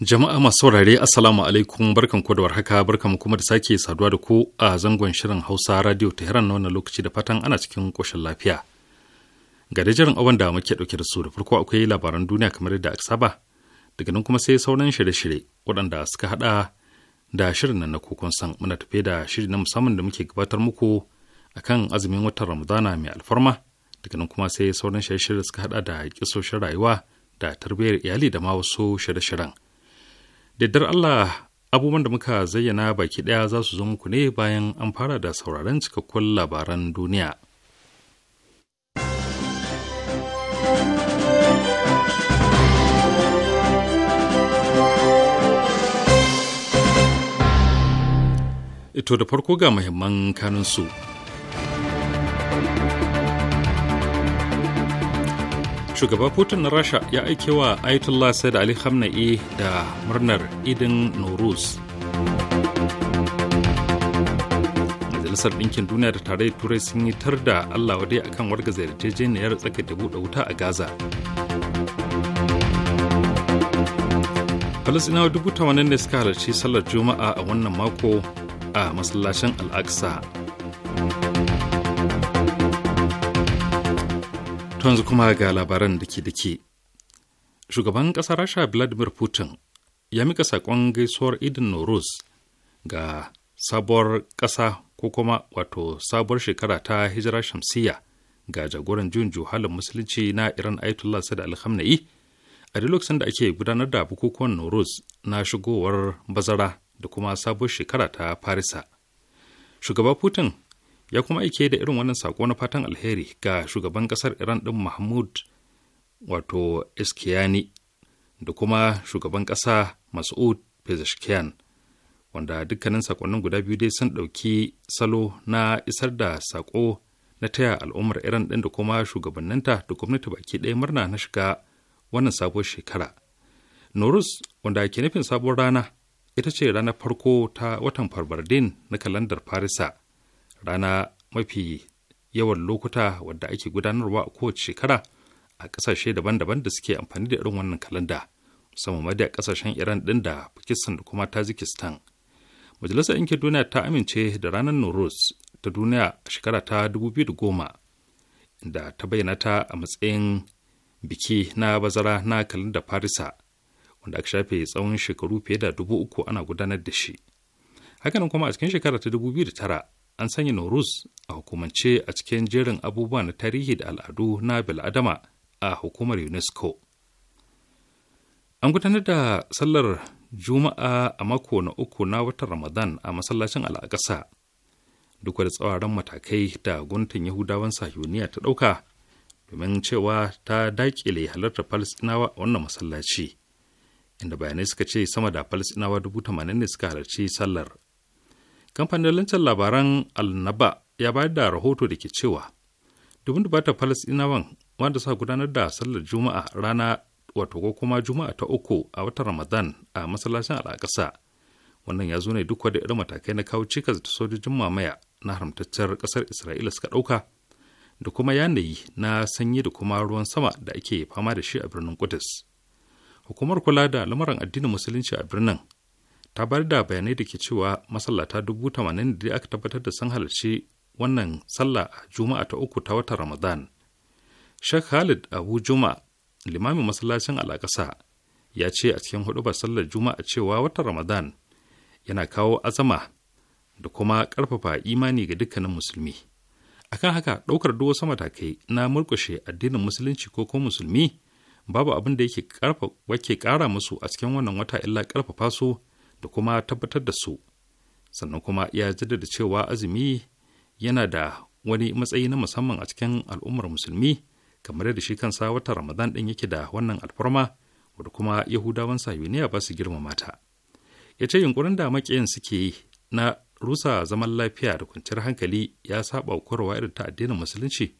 Jama'a masu saurare Assalamu alaikum barkan ku da warhaka barkan kuma da sake saduwa da ku a zangon shirin Hausa Radio Tehran na wannan lokaci da fatan ana cikin koshin lafiya. Ga jiran abin da muke dauke da su da farko akwai labaran duniya kamar yadda aka saba daga nan kuma sai sauran shirye-shirye waɗanda suka hada da shirin nan na kokon san muna tafe da shiri na musamman da muke gabatar muku akan azumin watan Ramadana mai alfarma daga nan kuma sai sauran shirye-shirye suka hada da kisoshin rayuwa da tarbiyyar iyali da ma wasu shirye-shiryen. dar Allah abubuwan da muka zayyana baki ɗaya za su zo muku ne bayan an fara da sauraron cikakkun labaran duniya. Ito da farko ga muhimman kanunsu. su. shugaba putin na rasha ya aike wa ayatollah said ali khamenei da murnar idin noruz majalisar ɗinkin duniya da tarayyar turai sun yi tar da allah wadai akan warga wargaza tsakai da buɗe wuta a gaza falasinawa dubu tamanin ne suka halarci sallar juma'a a wannan mako a masallacin al'aqsa To yanzu kuma ga labaran da ke dake. Shugaban ƙasar Rasha Vladimir Putin ya mika saƙon gaisuwar idin noros ga sabuwar ƙasa ko kuma wato sabuwar shekara ta hijira shamsiyya ga jagoran jin juhalin musulunci na Iran Ayatollah Sadi Alhamna'i a duk lokacin da ake gudanar da bukukuwan noros na shigowar bazara da kuma sabuwar shekara ta Farisa. Shugaba Putin ya kuma aike da irin wannan sako na fatan alheri ga shugaban kasar iran din mahmud wato iskiyani da kuma shugaban kasa mas'ud pezeshkian wanda dukkanin sakonnin guda biyu dai sun ɗauki salo na isar da sako na taya al'ummar iran din da kuma shugabanninta da gwamnati baki ɗaya murna na shiga wannan sabuwar shekara norus wanda ke nufin sabuwar rana ita ce ranar farko ta watan farbardin na kalandar farisa rana mafi yawan lokuta wadda ake gudanarwa a kowace shekara a ƙasashe daban-daban da suke amfani da irin wannan kalanda musamman ma da ƙasashen iran ɗin da pakistan da kuma tajikistan majalisar yankin duniya ta amince da ranar nor'os ta duniya a shekara ta 2010 da ta bayyana ta a matsayin biki na bazara na kalanda farisa wanda aka shafe tsawon shekaru fiye da dubu uku ana gudanar da shi hakanan kuma a cikin shekara ta 2009 an sanya norus a hukumance a cikin jerin abubuwa na tarihi da al'adu na Bil'adama a hukumar UNESCO. An gudanar da sallar Juma'a a mako na uku na watan Ramadan a masallacin al'akasa duk da tsawaran matakai da guntun Yahudawan Sahiyoniya ta ɗauka domin cewa ta daƙile halartar Falasɗinawa a wannan masallaci, inda bayanai suka ce sama da Falasɗinawa dubu tamanin ne suka halarci sallar kamfanin lancan labaran alnaba ya bayar da rahoto da ke cewa dubin dubatar falasɗinawan wanda suka gudanar da sallar juma'a rana wato ko kuma juma'a ta uku a watan ramadan a masallacin al'akasa wannan ya zo ne duk da irin matakai na kawo cikas da sojojin mamaya na haramtaccen kasar isra'ila suka ɗauka da kuma yanayi na sanyi da kuma ruwan sama da ake fama da shi a birnin Kudus. Hukumar kula da lamarin addinin Musulunci a birnin ta bayar da bayanai da ke cewa masallata dubu tamanin da aka tabbatar da sun halarci wannan sallah a juma'a ta uku ta watan ramadan Sheikh Khalid Abu Juma limamin masallacin alakasa ya ce a cikin hudubar sallar juma'a cewa watan ramadan yana kawo azama da kuma ƙarfafa imani ga dukkanin musulmi akan haka ɗaukar duk wasu matakai na murkushe addinin musulunci ko ko musulmi babu abin da yake wake ƙara musu a cikin wannan wata illa ƙarfafa su da kuma tabbatar da su sannan kuma ya jaddada cewa azumi yana da wani matsayi na musamman a cikin al'ummar musulmi kamar yadda shi kansa watan ramadan ɗin yake da wannan alfarma wadda kuma yahudawan sayuniya ba su girmama ta ya ce yunkurin da maƙiyan suke yi na rusa zaman lafiya da kwanciyar hankali ya saba korowa irin ta addinin musulunci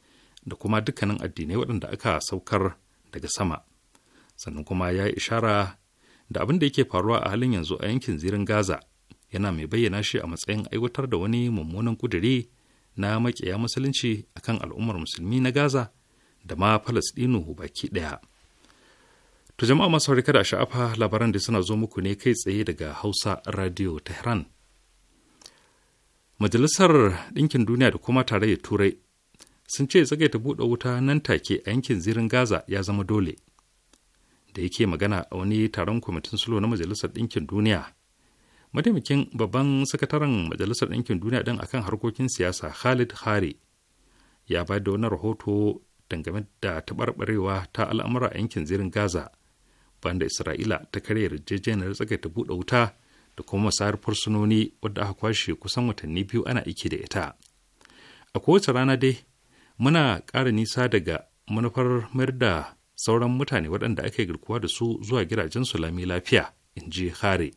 da kuma dukkanin addinai waɗanda aka saukar daga sama sannan kuma ya yi ishara da abin da yake faruwa a halin yanzu a yankin zirin gaza yana mai bayyana shi a matsayin aiwatar da wani mummunan kuduri na makiya musulunci akan al'ummar musulmi na gaza da ma falastinu baki ɗaya to jama'a masu harika da sha'afa labaran da suna zo muku ne kai tsaye daga hausa radio tehran majalisar ɗinkin duniya da kuma tarayyar turai sun ce tsagaita buɗe wuta nan take a yankin zirin gaza ya zama dole da yake magana a wani taron kwamitin sulo na majalisar ɗinkin duniya mataimakin babban sakataren majalisar ɗinkin duniya ɗin akan harkokin siyasa khalid hari ya bayar da wani rahoto dangane da taɓarɓarewa ta al'amura a yankin zirin gaza banda isra'ila ta karya yarjejeniyar tsakaita buɗe wuta da kuma masayar fursunoni wadda aka kwashe kusan watanni biyu ana aiki da ita a kowace rana dai muna ƙara nisa daga manufar mayar da sauran mutane waɗanda ake yi garkuwa da su zuwa gidajen su lami lafiya in ji hare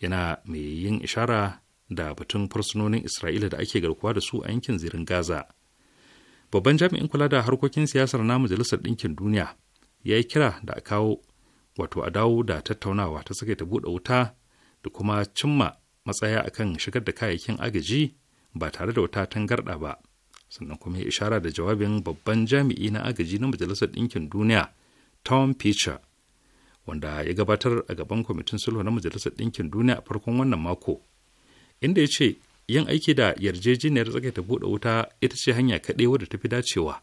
yana mai yin ishara da batun fursunonin isra'ila da ake garkuwa da su a yankin zirin gaza babban jami'in kula da harkokin siyasar na majalisar ɗinkin duniya ya yi kira da a kawo wato a dawo da tattaunawa ta sake ta buɗe wuta da kuma cimma matsaya akan shigar da kayayyakin agaji ba tare da wata tangarɗa ba sannan kuma ya ishara da jawabin babban jami'i na agaji na majalisar ɗinkin duniya tom pitcher wanda ya gabatar a gaban kwamitin sulhu na majalisar ɗinkin duniya a farkon wannan mako inda ya ce yin aiki da yarjejeniyar tsakaita buɗe wuta ita ce hanya kaɗai wadda ta fi dacewa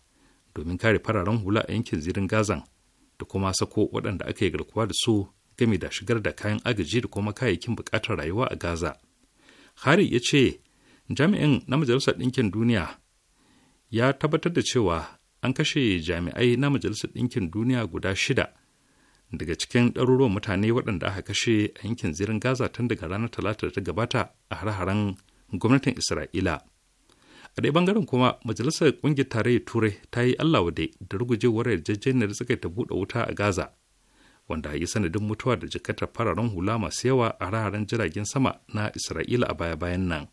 domin kare fararen hula a yankin zirin gazan da kuma sako waɗanda aka yi garkuwa da su game da shigar da kayan agaji da kuma kayayyakin buƙatar rayuwa a gaza hari ya ce jami'in na majalisar ɗinkin duniya ya tabbatar da cewa an kashe jami'ai na majalisar ɗinkin duniya guda shida daga cikin ɗaruruwan mutane waɗanda aka kashe a yankin zirin gaza tun daga ranar talata da ta gabata a har-haren gwamnatin isra'ila a ɗaya bangaren kuma majalisar ƙungiyar tarayyar turai ta yi allah wade da rugujewar yarjejeniyar suka ta buɗe wuta a gaza wanda yi sanadin mutuwa da jikatar fararen hula masu yawa a har-haren jiragen sama na isra'ila a baya-bayan nan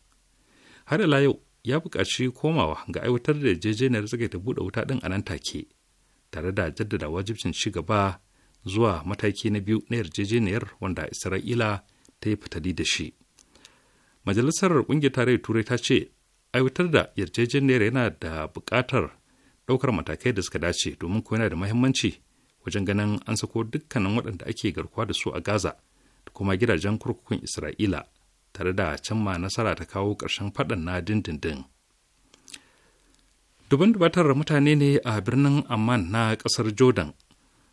har ila yau ya buƙaci komawa ga aiwatar da yarjejeniyar tsagaita buɗe wuta ɗin a nan take tare da jaddada wajibcin ci gaba zuwa mataki na biyu na yarjejeniyar wanda isra'ila ta yi fitali da shi majalisar ƙungiyar tarayyar turai ta ce aiwatar da yarjejeniyar yana da buƙatar ɗaukar matakai da suka dace domin ko yana da mahimmanci wajen ganin an sako dukkanin waɗanda ake garkuwa da su a gaza da kuma gidajen kurkukun isra'ila tare da cimma nasara ta kawo ƙarshen faɗan na dindindin duban dubatar mutane ne a birnin amman na ƙasar jordan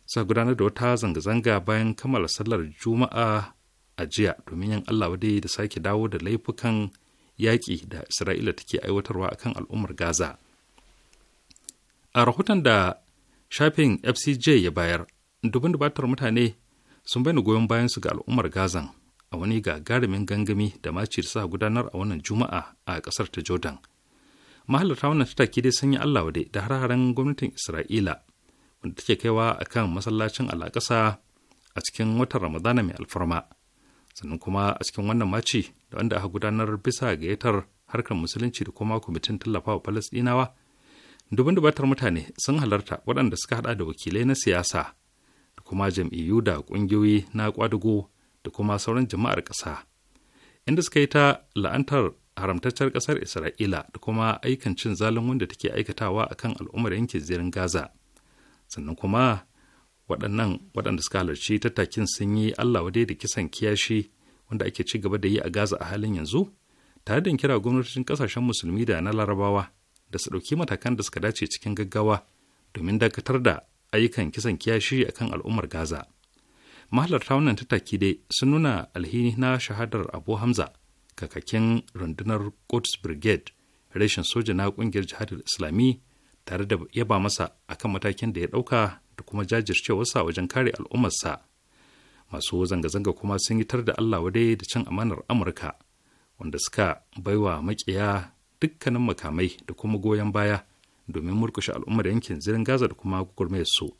sa gudanar da wata zanga-zanga bayan kammala sallar juma'a a jiya domin yin allah dai da sake dawo da laifukan yaƙi da isra'ila take aiwatarwa akan al'ummar gaza a rahoton da shafin fcj ya bayar dubin dubatar mutane sun bayyana goyon bayan su ga al'ummar gaza. a wani gagarumin gangami da maci sa gudanar a wannan juma'a a kasar ta jordan mahalarta wannan tattaki dai sun yi allah wade da har-haren gwamnatin isra'ila wanda take kaiwa a kan masallacin alaƙasa a cikin watan ramadana mai alfarma sannan kuma a cikin wannan maci da wanda aka gudanar bisa gayyatar harkar musulunci da kuma kwamitin tallafawa falasɗinawa dubin dubatar mutane sun halarta waɗanda suka haɗa da wakilai na siyasa da kuma jam'iyyu da ƙungiyoyi na ƙwadago da kuma sauran jama'ar ƙasa inda suka yi ta la'antar haramtaccen ƙasar isra'ila da kuma aikan cin zalun wanda take aikatawa a kan al'ummar yankin zirin gaza sannan kuma waɗannan waɗanda suka halarci tattakin sun yi allah wadai da kisan kiyashi wanda ake ci gaba da yi a gaza a halin yanzu tare da kira gwamnatocin ƙasashen musulmi da na larabawa da su ɗauki matakan da suka dace cikin gaggawa domin dakatar da ayyukan kisan kiyashi akan al'ummar gaza mahalarta wannan ta dai sun nuna alhini na shahadar abu hamza kakakin rundunar Quds brigade rashin soja na kungiyar jihadar islami tare da yaba masa akan matakin da ya dauka da kuma jajircewarsa wajen kare al'ummarsa masu zanga-zanga kuma sun yi tar da allah wadai da cin amanar amurka wanda suka baiwa makiya dukkanin makamai da kuma goyon baya domin murkushe al'ummar yankin zirin gaza da kuma gurmayar su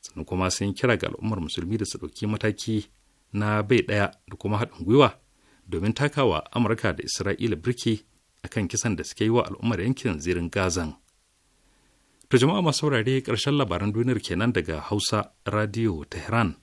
sannan kuma sun kira ga al'ummar musulmi da su ɗauki mataki na bai ɗaya da kuma haɗin gwiwa domin takawa amurka da isra'ila birki akan kisan da suke yi wa al'ummar yankin zirin gazan to jama'a masu saurare ƙarshen labaran duniyar kenan daga hausa radio tehran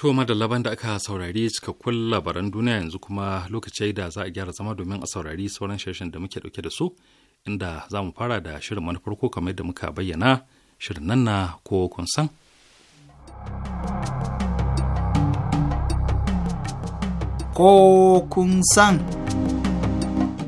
To da laban da aka saurari cikakkun labaran duniya yanzu kuma lokaci da za a gyara zama domin a saurari sauran shirin da muke dauke da su inda za mu fara da shirin manufar ko kamar da muka bayyana shirin nan na ko kun san. Ko kun san.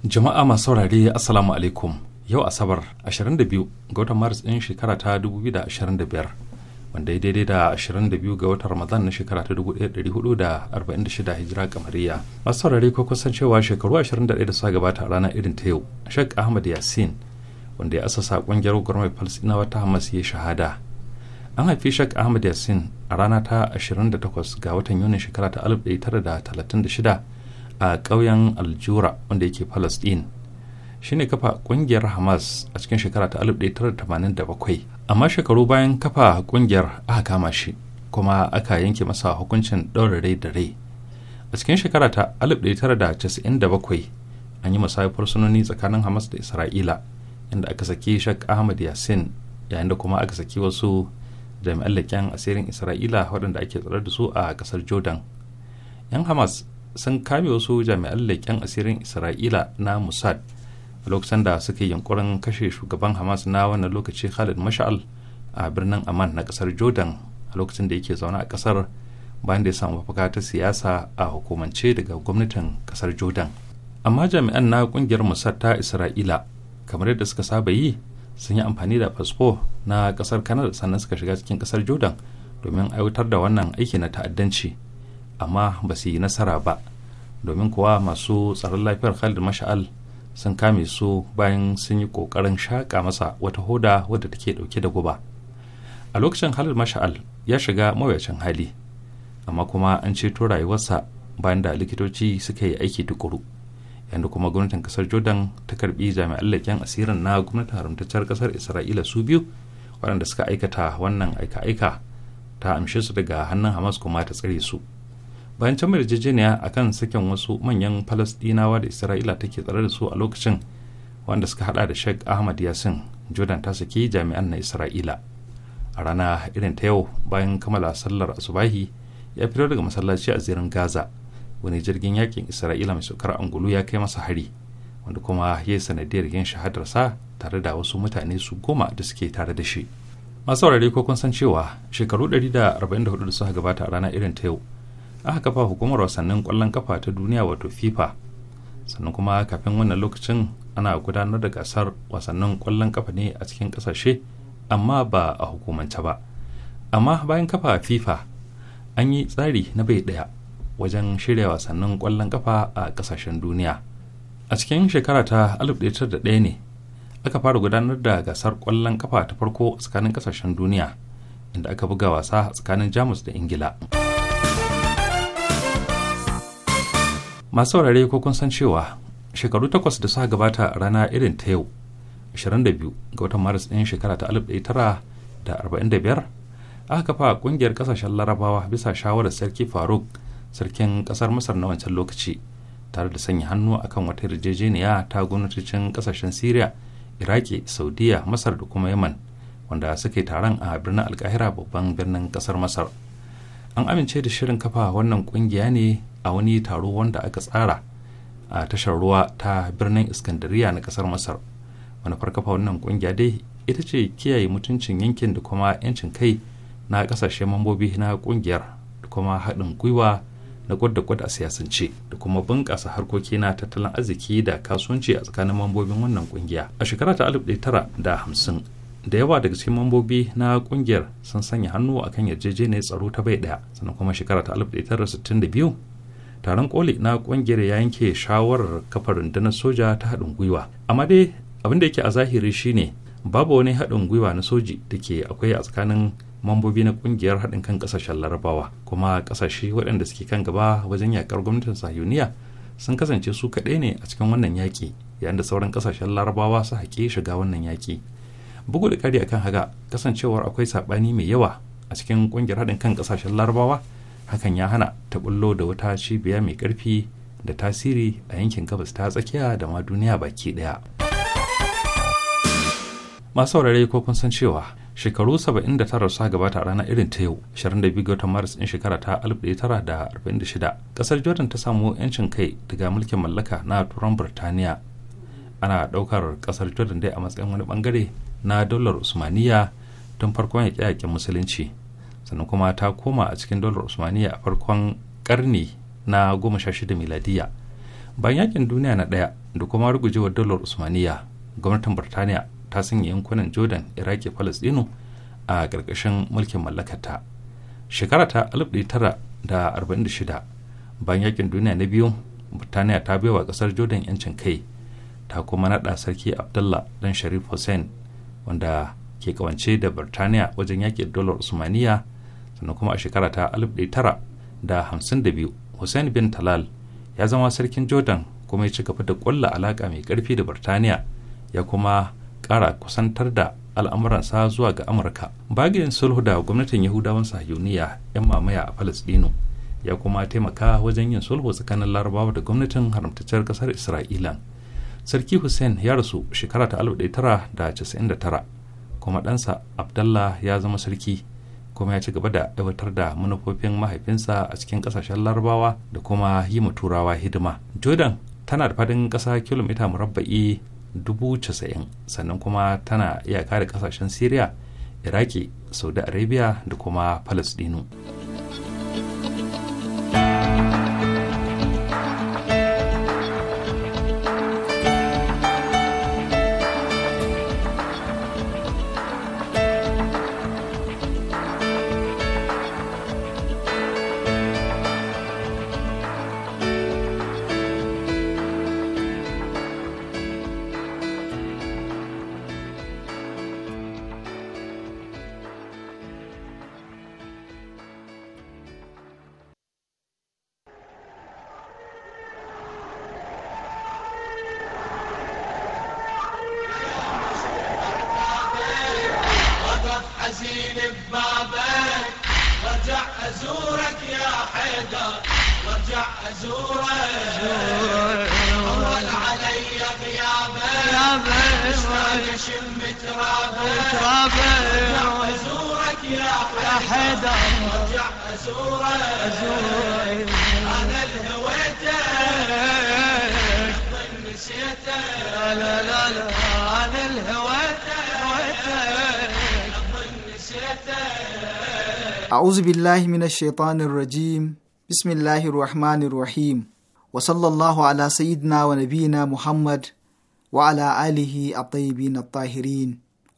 Jama'a masu saurari Assalamu alaikum yau Asabar 22 ga watan Maris din shekara ta 2025. wanda ya daidai da 22 ga watan ramadan na shekara ta 1446 hijira kamariya masu saurare ko kusan cewa shekaru 21 da suka gabata a rana irin ta yau shek ahmad yasin wanda ya asasa kungiyar gwamnati palestinawa ta hamas ya shahada an haifi shek ahmad yasin a rana ta 28 ga watan Yuni shekara ta 1936 a ƙauyen aljura wanda yake palestine shine kafa kungiyar hamas a cikin shekara ta 1987 amma shekaru bayan kafa kungiyar aka kama shi kuma aka yanke masa hukuncin ɗaure rai da rai a cikin shekara ta 1997 an yi musayar sunoni tsakanin hamas da isra'ila inda aka saki shak ahmad yasin yayin da kuma aka saki wasu jami'an leƙen asirin isra'ila waɗanda ake tsare da su a ƙasar jordan yan hamas sun kame wasu jami'an leƙen asirin isra'ila na musad. a lokacin da suka yi kashe shugaban hamas na wannan lokaci khalid mashal a birnin amman na kasar jordan a lokacin da yake zaune a kasar bayan da ya samu mafaka ta siyasa a hukumance daga gwamnatin kasar jordan amma jami'an na kungiyar musar ta isra'ila kamar yadda suka saba yi sun yi amfani da fasfo na kasar canada sannan suka shiga cikin kasar jordan domin aiwatar da wannan aiki na ta'addanci amma ba su yi nasara ba domin kuwa masu tsaron lafiyar khalid mashal sun kame su bayan sun yi ƙoƙarin shaƙa masa wata hoda wadda take ɗauke da guba a lokacin halar mashal ya shiga mawuyacin hali amma kuma an ceto rayuwarsa bayan da likitoci suka yi aiki tukuru yadda kuma gwamnatin kasar jordan ta karbi jami'an laƙen asirin na gwamnatin haramtaccen kasar isra'ila su biyu waɗanda suka aikata wannan aika-aika ta amshe su daga hannun hamas kuma ta tsare su bayan can yarjejeniya a kan sakin wasu manyan falasdinawa da isra'ila take tsare da su a lokacin wanda suka hada da sheikh ahmad yasin jordan ta saki jami'an na isra'ila a rana irin ta yau bayan kammala sallar asubahi ya fito daga masallaci a zirin gaza wani jirgin yakin isra'ila mai saukar angulu ya kai masa hari wanda kuma ya yi sanadiyar yin shahadarsa tare da wasu mutane su goma da suke tare da shi masu ko kun san cewa shekaru 144 da suka gabata a rana irin ta yau aka kafa hukumar wasannin kwallon kafa ta duniya wato fifa sannan kuma kafin wannan lokacin ana gudanar da gasar wasannin kwallon kafa ne a cikin kasashe amma ba a hukumance ba amma bayan kafa fifa an yi tsari na bai daya wajen shirya wasannin kwallon kafa a kasashen duniya a cikin shekara ta 1901 ne aka fara gudanar da gasar kwallon kafa ta farko tsakanin kasashen duniya inda aka buga wasa tsakanin jamus da ingila. masu saurare ko kun san cewa shekaru takwas da suka gabata rana irin ta yau 22 ga watan maris ɗin shekara ta 1945 aka kafa ƙungiyar ƙasashen larabawa bisa shawarar sarki faruk sarkin ƙasar masar na wancan lokaci tare da sanya hannu a kan wata yarjejeniya ta gwamnatocin ƙasashen syria iraki saudiya masar da kuma yaman wanda suka taron a birnin alkahira babban birnin ƙasar masar an amince da shirin kafa wannan ƙungiya ne a wani taro wanda aka tsara a tashar ruwa ta birnin iskandariya na kasar masar manufar kafa wannan kungiya dai ita ce kiyaye mutuncin yankin da kuma 'yancin kai na kasashe mambobi na kungiyar da kuma haɗin gwiwa na gwad a siyasance da kuma bunƙasa harkoki na tattalin arziki da kasuwanci a tsakanin mambobin wannan kungiya a shekara ta alif tara da hamsin da yawa daga cikin mambobi na kungiyar sun sanya hannu akan yarjejeniyar tsaro ta bai ɗaya sannan kuma shekara ta alif tara da sittin biyu. taron koli na kungiyar ya yanke shawarar kafa rundunar soja ta haɗin gwiwa amma dai abin da yake a zahiri shine babu wani haɗin gwiwa na soji da ke akwai a tsakanin mambobi na kungiyar haɗin kan kasashen larabawa kuma ƙasashe waɗanda suke kan gaba wajen yaƙar gwamnatin sahiyuniya sun kasance su kaɗai ne a cikin wannan yaƙi yayin da sauran ƙasashen larabawa su haƙe shiga wannan yaƙi bugu da ƙari akan haka kasancewar akwai saɓani mai yawa a cikin kungiyar haɗin kan kasashen larabawa hakan ya hana ta bullo da wata cibiya mai karfi da tasiri a yankin gabas ta tsakiya da ma duniya baki ɗaya masu saurare ko kun san cewa shekaru 79 sa gabata a ranar irin ta yau 22 ga maris din shekara ta 1946 kasar jordan ta samu yancin kai daga mulkin mallaka na turan burtaniya ana daukar kasar jordan dai a matsayin wani bangare na daular usmaniya don farkon yaƙe-yaƙen musulunci sannan kuma ta koma a cikin dolar usmaniya a farkon karni na goma sha shida miladiya bayan yakin duniya na daya da kuma rugujewar dolar usmaniya gwamnatin birtaniya ta sanya yankunan jordan iraki palestino a ƙarƙashin mulkin mallakata shekara ta 1946 bayan yakin duniya na biyu birtaniya ta baiwa ƙasar jordan yancin kai ta kuma naɗa sarki abdullah dan sharif hussein wanda ke kawance da birtaniya wajen yakin dolar usmaniya sannan kuma a shekara ta 1952 hussein bin talal ya zama sarkin jordan kuma ya ci gaba da ƙulla alaƙa mai ƙarfi da birtaniya ya kuma ƙara kusantar da al'amuransa zuwa ga amurka bagin sulhu da gwamnatin yahudawan sahiyuniya 'yan mamaya a falastinu ya kuma taimaka wajen yin sulhu tsakanin larabawa da gwamnatin haramtacciyar kasar isra'ila sarki hussein ya rasu shekara ta 1999 kuma ɗansa abdallah ya zama sarki kuma ya ci gaba da aiwatar da manufofin mahaifinsa a cikin kasashen larabawa da kuma yi ma turawa hidima jordan tana da fadin ƙasa kilomita murabba'i dubu casa'in sannan kuma tana iyaka da kasashen syria iraki saudi arabia da kuma palestinu. من الشيطان الرجيم بسم الله الرحمن الرحيم وصلى الله على سيدنا ونبينا محمد وعلى آله الطيبين الطاهرين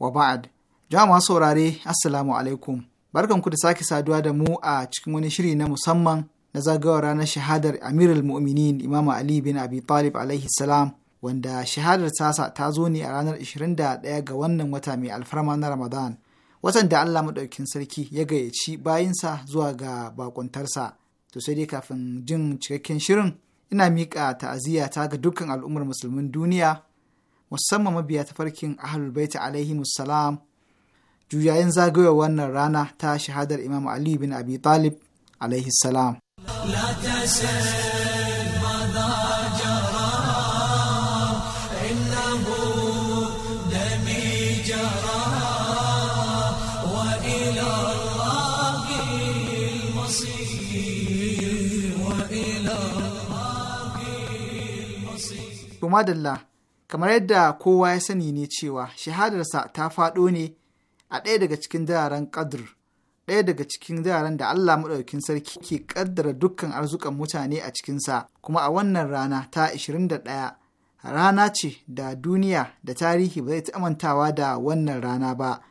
وبعد jama'a saurare "Asalamu alaikum barkan ku da sake saduwa da mu a cikin wani shiri na musamman na zagawa ranar shahadar amirul mu'minin imam ali bin abi talib alaihi salam wanda shahadar tasa ta zo ne a ranar 21 ga wannan wata mai alfarma na ramadan watan da Allah maɗaukin sarki ya gayyaci bayinsa zuwa ga bakuntarsa. To sai dai kafin jin cikakken shirin ina miƙa ta'aziyya ta ga dukkan al'ummar musulmin duniya musamman mabiya ta ahlul baiti alaihi musallam juyayin zagayowar wannan rana ta shahadar imam ali bin abi talib alaihi salam to madalla kamar yadda kowa ya sani ne cewa shahadarsa ta faɗo ne a ɗaya daga cikin dararen ƙadur ɗaya daga cikin dararen da Allah maɗaukin sarki ke ƙaddara dukkan arzukan mutane a cikinsa kuma a wannan rana ta 21 rana ce da duniya da tarihi ba zai ta amantawa da wannan rana ba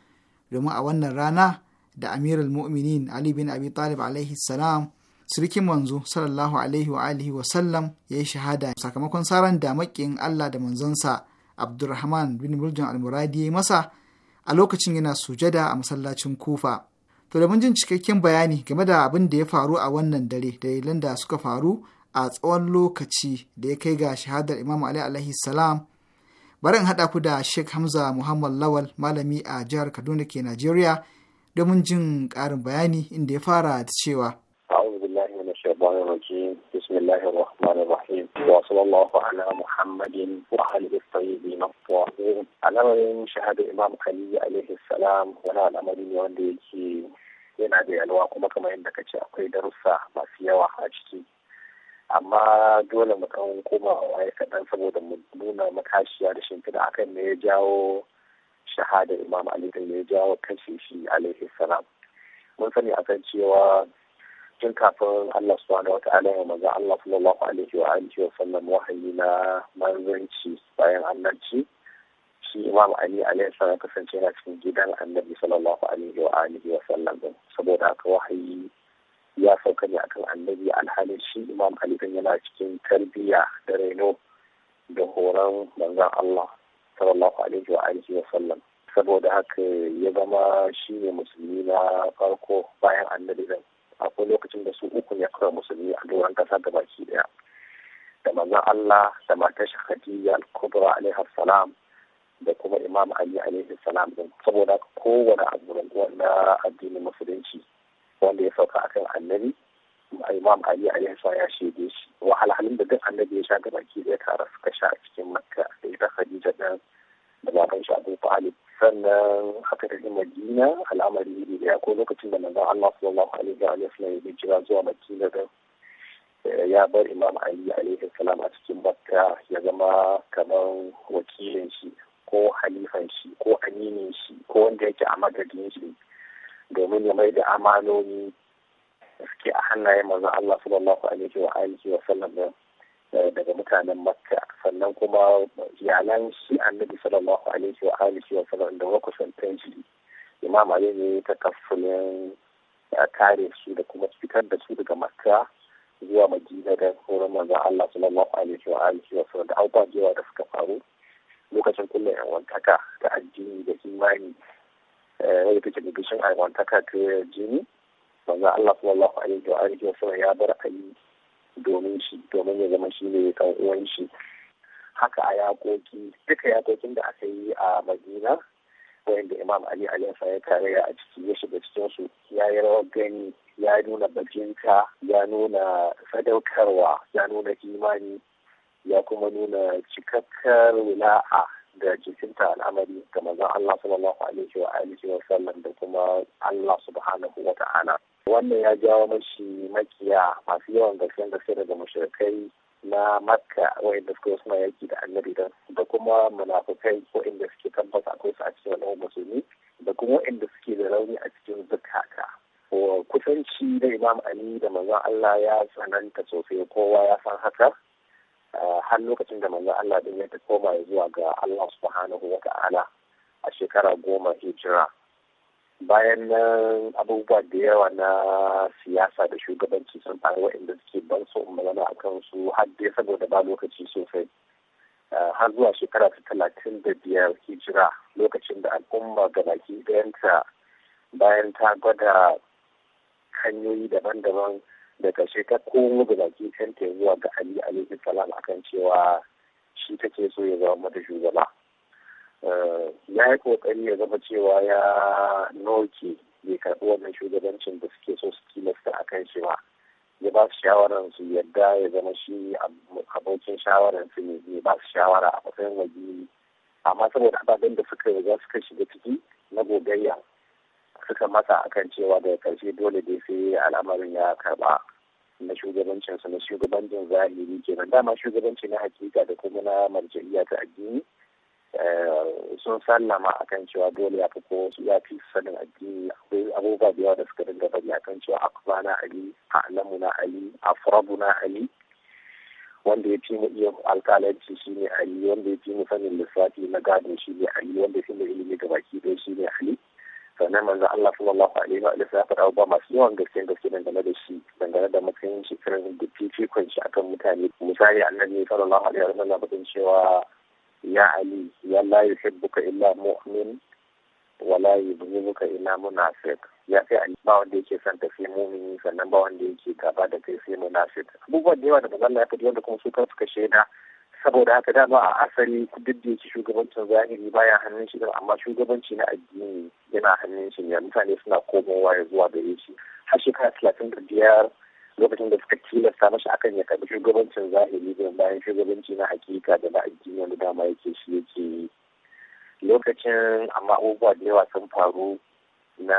domin a wannan rana da amirul mu'minin Ali bin Abi Talib alaihi salam sirikin manzo sallallahu alaihi wa alihi wa sallam ya yi shahada sakamakon saran damakin Allah da manzonsa Abdulrahman bin Murjan al-Muradi ya yi masa a lokacin yana sujada a masallacin Kufa. To da jin cikakken bayani game da abin da ya faru a wannan dare da dalilan da suka faru a tsawon lokaci da ya kai ga shahadar Imam Ali alaihi salam bari in haɗa ku da Sheikh Hamza Muhammad Lawal malami a jihar Kaduna ke Najeriya domin jin ƙarin bayani inda ya fara da cewa وصلى الله على محمد وآله الطيبين الطاهرين shahadar imam khalilu alaihi salam wani al'amari ne wanda yake yana da yalwa kuma kamar yadda ka ce akwai darussa masu yawa a ciki amma dole mu kan koma waye kaɗan saboda mu nuna makashiya da shimfiɗa akan ne ya jawo shahadar imam ali da ya jawo kashe shi alaihi salam mun sani akan cewa tun kafin Allah subhanahu wa ta'ala ya maza Allah sallallahu alaihi wa alihi wa sallam wahayi na manzanci bayan annabci shi Imam Ali alaihi salam kasance yana cikin gidan Annabi sallallahu alaihi wa alihi wa sallam saboda haka wahayi ya sauka ne akan Annabi alhalin shi Imam Ali din yana cikin tarbiya da reno da horon manzon Allah sallallahu alaihi wa alihi wa sallam saboda haka ya zama shi ne musulmi na farko bayan annabi zai akwai lokacin da su uku ya kura musulmi a doron kasa da baki daya da manzon Allah da matar shi Khadija al-Kubra salam da kuma Imam Ali Alayhi salam din saboda kowane abu na addinin musulunci wanda ya sauka akan annabi Imam Ali Alayhi salam ya shaide shi wahalhalun da duk annabi ya sha gabaki daya tare suka sha a cikin Makka da ita Khadija dan da baban shi Abu Talib sannan aka tafi madina al'amari ne da ko lokacin da manzon Allah sallallahu alaihi wa sallam ya jira zuwa madina da eh, ya bar imam ali alaihi salam a cikin makka ya zama kamar wakilin shi ko halifan shi ko aminin shi ko wanda yake a madadin shi domin ya mai da amanoni suke a hannayen manzon Allah sallallahu alaihi wa sallam wa sallam Eh, daga mutanen makka sannan kuma iyalan shi annabi sallallahu alaihi wa alihi wa sallam da wako san tanji imam ali ne ta kafulin eh, kare su da kuma fitar da su daga makka zuwa madina da horon manzon Allah sallallahu alaihi wa alihi wa sallam da abubuwa da da suka faru lokacin kulle yan wantaka da addini da imani eh take cikin bishin aiwantaka ta jini manzon Allah sallallahu alaihi wa alihi wa sallam ya bar ayi domin shi domin ya zama shi ne kan uwan haka a yakoki duka yakokin da aka yi a madina wanda imam ali alifa ya tarayya a ciki ya shiga cikin su ya yi rawar gani ya nuna bakinka ya nuna sadaukarwa ya nuna imani ya kuma nuna cikakkar wula'a da jikinta al'amari ga manzon Allah sallallahu alaihi wa alihi wa sallam da kuma Allah subhanahu wa ta'ala wannan ya jawo mashi makiya masu yawan gaske gaske daga mashirkai na makka wa'inda suka yi suna yaki da annabi da kuma munafukai wa'inda suke tabbata akwai su a cikin al'ummar musulmi da kuma wa'inda suke da rauni a cikin zukata kusanci da imam ali da manzon allah ya tsananta sosai kowa ya san haka har lokacin da manzon allah din ya ta koma zuwa ga allah subhanahu wa ta'ala a shekara goma hijira bayan abubuwa da yawa na siyasa da shugabanci sun faru waɗanda suke ban su magana a kan su har saboda ba lokaci sosai ah, har zuwa shekara ta talatin da biyar hijira lokacin da al'umma ga baki ɗayanta bayan ta gwada hanyoyi daban-daban da ƙarshe ta komo baki ɗayanta zuwa ga ali alaihi salam akan cewa shi take so ya zama mata shugaba Eh, ya yi kokari ya zama cewa ya noke bai karɓi wannan shugabancin da suke so su tilasta a kan shi ba ya ba su shawarar su yadda ya zama shi abokin shawarar su ne ya ba su shawara a matsayin waje amma saboda ababen da suka yi za suka shiga ciki na gogayya suka masa akan cewa daga karshe dole dai sai al'amarin ya karba na shugabancin su na shugabancin zahiri kenan dama shugabanci na hakika da kuma na marjariya ta addini Eh, sun sallama akan cewa dole ya fi ko wasu ya fi sanin addini akwai abubuwa da yawa da suka dinga bari akan cewa akba na ali alamu na ali afrabu na ali wanda ya fi mu iya alkalanci shi ne ali wanda ya fi mu sanin lissafi na gadon shi ne ali wanda ya fi mu ilimi ga baki ɗaya shi ne ali sannan manzo Allah sallallahu alaihi wa sallam ya faɗa ba masu yawan gaske gaske dangane da shi dangane da matsayin shi irin da fifikon shi akan mutane misali annabi sallallahu alaihi wa sallam ya cewa ya ali ya la yuhibbuka illa mu'min wa la ya kai ali ba wanda yake son ta sai mu'mini sannan ba yake gaba da kai sai munafiq abubuwan da yawa da manzon ya fadi wanda kuma su kan suka shaida saboda haka dama a asali duk shugabancin zahiri baya hannun shi amma shugabanci na addini yana hannun shi mutane suna komowa ya zuwa gare shi har shekara talatin da biyar lokacin da suka tilasta masa akan ya karbi shugabancin zahiri zan bayan shugabanci na hakika da na addini da dama yake shi yake yi lokacin amma abubuwa da yawa sun faru na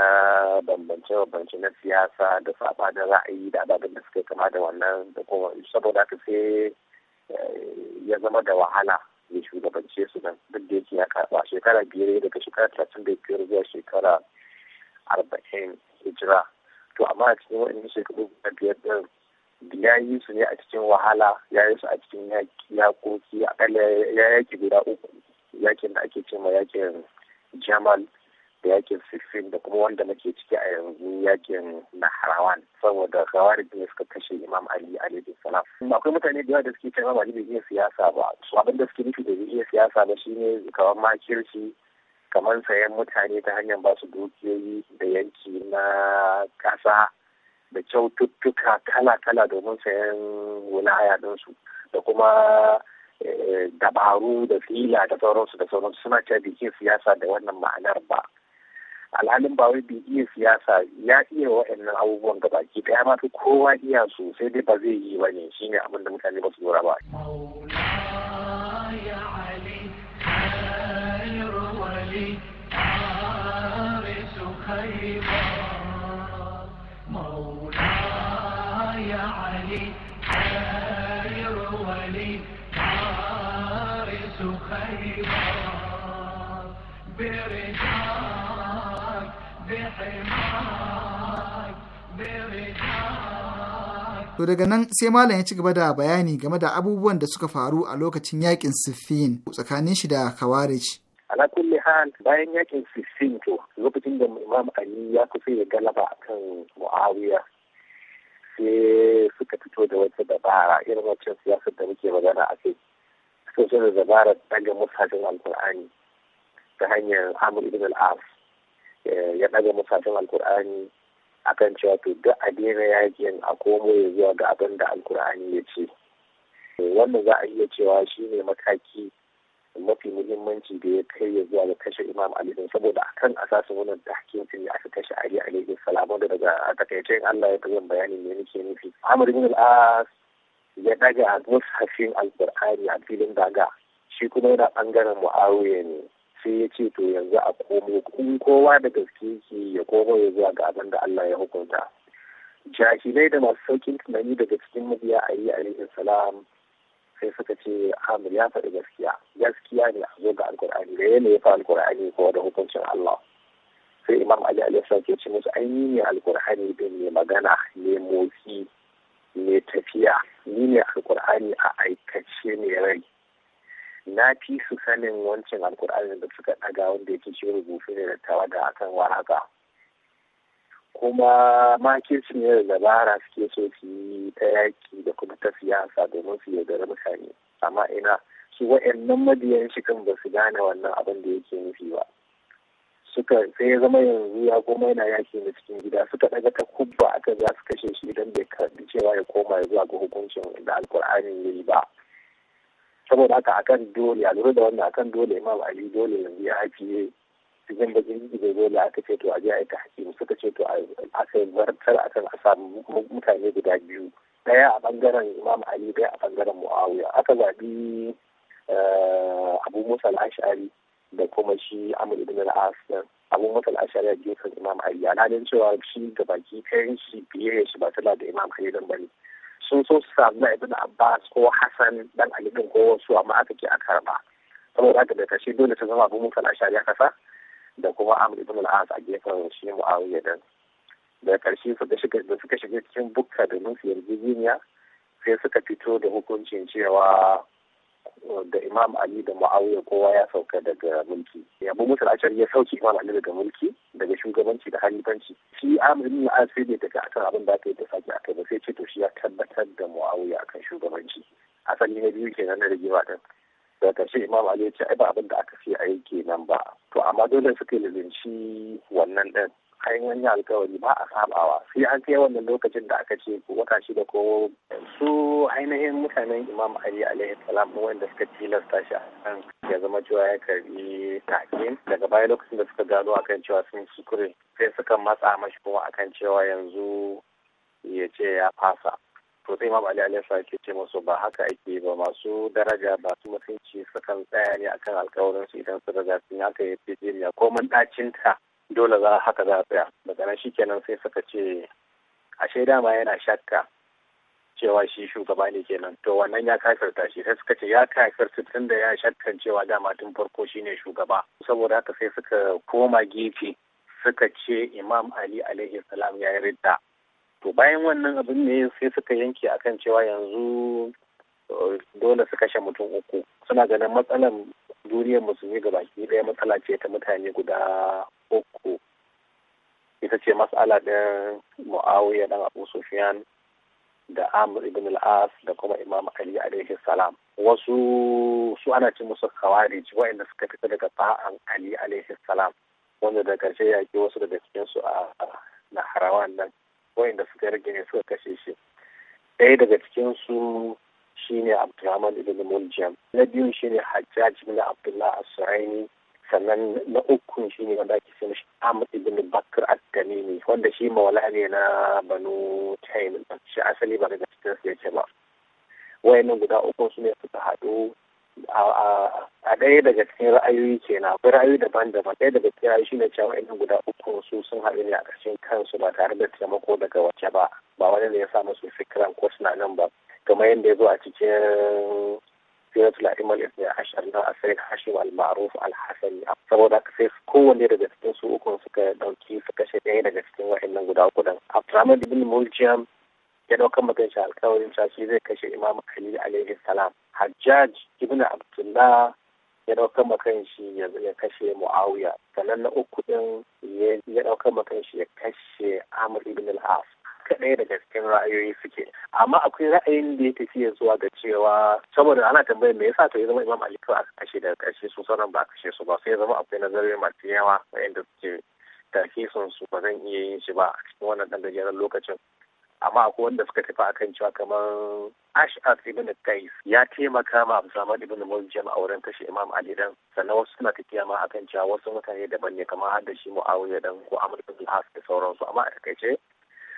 bambance-bambance na siyasa da da ra'ayi da ababen da suka kama da wannan da kuma saboda haka sai eh, ya zama da wahala ya shugabance su nan duk da yake ya karba shekara biyar daga shekara talatin da biyar zuwa shekara arba'in hijira to amma a cikin waɗannan shekaru na biyar ɗin ya yi su ne a cikin wahala ya yi su a cikin yaƙoƙi akalla ya yaƙi guda uku yaƙin da ake cewa ma yaƙin jamal da yaƙin sifin da kuma wanda nake ciki a yanzu yaƙin naharawan saboda gawar da suka kashe imam ali alaihi salam akwai mutane da yawa da suke cewa ba ni bai iya siyasa ba su abin da suke nufi da bai iya siyasa ba shine kamar makirci kamar sayan mutane ta hanyar ba su dukiyoyi da yanki na ƙasa da kyaututtuka kala-kala domin sayan wilaya ɗinsu da kuma eh, dabaru da fila da sauransu da sauransu suna cewa bikin siyasa da wannan ma'anar ba alhalin ba wai bai siyasa ya iya wa'annan abubuwan ga baki daya ma kowa iya sosai, sai dai ba zai yi ba ne shine abin da mutane ba su lura ba. To daga nan sai Malam ya ci gaba da bayani game da abubuwan da suka faru a lokacin yakin Siffin tsakanin shi da kawarici. ala kulli hal bayan yakin sissin to lokacin da imam ali ya kusa ya galaba kan muawiya sai suka fito da wata dabara irin wacce siyasar da muke magana a kai suka fito da dabara daga musafin alkur'ani ta hanyar amur ibn al eh, ya daga musafin alkur'ani akan cewa to duk a daina yakin a komo ya zuwa ga abin da alkur'ani ya ce eh, wannan za a iya cewa shine mataki mafi muhimmanci da ya kai ya zuwa ga kashe imam ali din saboda akan asasin wannan tahkikin ne aka kashe ali alaihi salam da daga takaitaccen Allah ya kai bayani ne nake nufi Amadu bin al ya daga mushafin al a filin daga shi kuma yana bangaren Muawiya ne sai ya ce to yanzu a komo in kowa da gaske ya komo ya zuwa ga abin da Allah ya hukunta jahilai da masu saukin tunani daga cikin mabiya a yi alaihi salam sai suka ce Amir ya faɗi gaskiya gaskiya ne a zo ga alkur'ani da yana ya fa alkur'ani ko da hukuncin Allah sai Imam Ali alaihi ke ce musu ai ni ne alkur'ani din ne magana ne motsi ne tafiya ni ne alkur'ani a aikace ne rai na fi su sanin wancan alkur'ani da suka ɗaga wanda ya shi rubutu ne da tawa da akan waraka kuma su ne da dabara suke so su yi ta yaki da kuma ta siyasa domin su yaudari mutane amma ina su wa'annan mabiyan shi kan ba su gane wannan abin da yake nufi ba suka sai ya zama yanzu ya koma yana yaki na cikin gida suka ɗaga ta kubba aka za su kashe shi idan bai karbi cewa ya koma zuwa ga hukuncin da alkur'ani ya yi ba saboda haka akan dole a lura da wannan akan dole imam ali dole yanzu ya hafiye cikin bakin gizo dole aka ce to a je a yi tahkimu suka ce to a kai zartar a kan a samu mutane guda biyu daya a bangaren imam ali daya a bangaren muawiya aka zaɓi eh, abu musa al'ashari da kuma shi amur ibn al'as abu musa al'ashari a gefen imam ali alhalin cewa shi da baki kayan shi biye shi ba tana da imam ali don bane sun so su samu na ibn abbas ko hassan dan ali ko wasu amma aka ce a karba saboda haka da kashe dole ta zama abu musa al'ashari a kasa da kuma amur ibn al-as a gefen shi muawiya din da karshe suka shiga da suka shiga cikin bukka da nufi yarjejeniya sai suka fito da hukuncin cewa uh, da imam ali da mu'awiyar kowa ya sauka daga mulki bu musul ashar ya sauke imam ali daga mulki daga shugabanci da halifanci shi amur ibn al-as sai bai daga akan abin da aka yi ta a akai ba sai ce to shi ya tabbatar da mu'awiyar akan shugabanci asali na biyu kenan na rigima din daga karshe imam ali ya ce ai ba abin da aka fi a nan ba amma dole suka lalace wannan ɗin kayan wani alkawari ba a sabawa sai an kai wannan lokacin da aka ce wata da ko su ainihin mutanen imam ali alaihi salam wanda suka tilasta shi akan ya zama cewa ya karbi take daga baya lokacin da suka gano akan cewa sun kuskure sai suka matsa mashi kuma akan cewa yanzu ya ce ya fasa to sai imam ali sa ke ce musu ba haka ake ba masu daraja ba su mutunci su kan tsaya ne akan alkawarin su idan su daga sun haka ya fi jiriya ko mun dacinta dole za haka za a tsaya daga nan shikenan sai suka ce ashe dama yana shakka cewa shi shugaba ne kenan to wannan ya kafirta shi sai suka ce ya kafirta tun da ya shakkan cewa dama tun farko shine shugaba saboda haka sai suka koma gefe suka ce imam ali alaihi salam ya yi ridda to bayan wannan abin ne sai suka yanke a kan cewa yanzu eh, dole su kashe mutum uku suna ganin matsalan duniyar musulmi ga baki ɗaya matsala ce ta mutane guda uku ita ce matsala ɗin mu'awiya ɗan abu sufiyan da amur ibn al da kuma imam ali alaihi salam wasu su ana ce musu khawarij waɗanda suka fita daga ba'an ali alaihi salam wanda da ya yaƙi wasu daga cikinsu a naharawan nan wayanda suka rage ne suka kashe shi ɗaya daga cikin su shine abdulrahman ibn muljam na biyu shine hajjaj ibn abdullah as sannan na uku shine wanda ake sanin shi ahmad ibn bakr at-tamimi wanda shi mawala ne na banu taym shi asali ba daga cikin su yake ba wayannan guda uku su ne suka haɗu a ɗaya daga cikin ra'ayoyi kenan akwai ra'ayoyi daban-daban ɗaya daga cikin ra'ayoyi shine cewa wa'annan guda uku su sun haɗu ne a ƙarshen kansu ba tare da taimako daga wace ba ba wani ne ya sa musu fikiran ko suna nan ba kamar yadda ya zo a cikin siratul imal ibn ashar na asirin hashim al-ma'ruf al-hasani saboda sai kowanne daga cikin su uku suka ɗauki suka ɗaya daga cikin wa'annan guda uku din abdurrahman ibn muljam ya ɗaukar mutum shi alkawarin cewa zai kashe imam khalil alaihi salam hajjaj ibn abdullah ya ɗaukar makan shi ya kashe muawiya sannan na uku ɗin ya ɗaukar makan shi ya kashe amr ibn al kaɗai da cikin ra'ayoyi suke amma akwai ra'ayin da ya tafiya zuwa ga cewa saboda ana tambayar me yasa to ya zama imam ali kawai aka kashe daga ƙarshe su sauran ba a kashe su ba sai ya zama akwai nazarin masu yawa wa'inda suke tafisun su ba zan iya yin shi ba a cikin wannan ɗan gajeren lokacin amma akwai wanda suka tafi akan cewa kamar Ash Ash'ad ibn Qais ya taimaka ma Abu samar ibn Muljam a wurin kashe Imam Ali dan sannan wasu suna tafiya ma akan cewa wasu mutane daban ne kamar har da shi Muawiya dan ko Amr ibn al-As da sauransu amma a takaice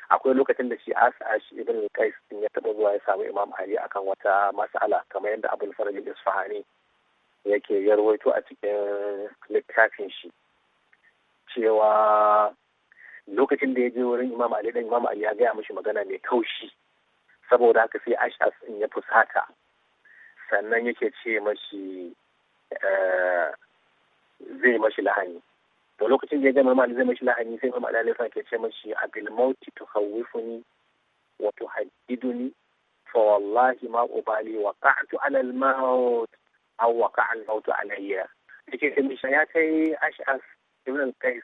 akwai lokacin da shi Ash ibn kais din ya taɓa zuwa ya samu Imam Ali akan wata mas'ala kamar yadda Abul Faraj al-Isfahani yake yarwaito a cikin littafin shi cewa lokacin da ya je wurin imam ali dan imam ali ya gaya mishi magana mai kaushi saboda haka sai ashas in ya fusata sannan yake ce mashi eh, zai mashi lahani to lokacin da ya gama mali zai mashi lahani sai imam ali alaihi ke ce mashi abil mauti tuhawwifuni wa tuhaddiduni fa wallahi ma ubali qa'tu ala al maut aw waqa'a al maut alayya yake ce mishi ya kai ashas ibn al qais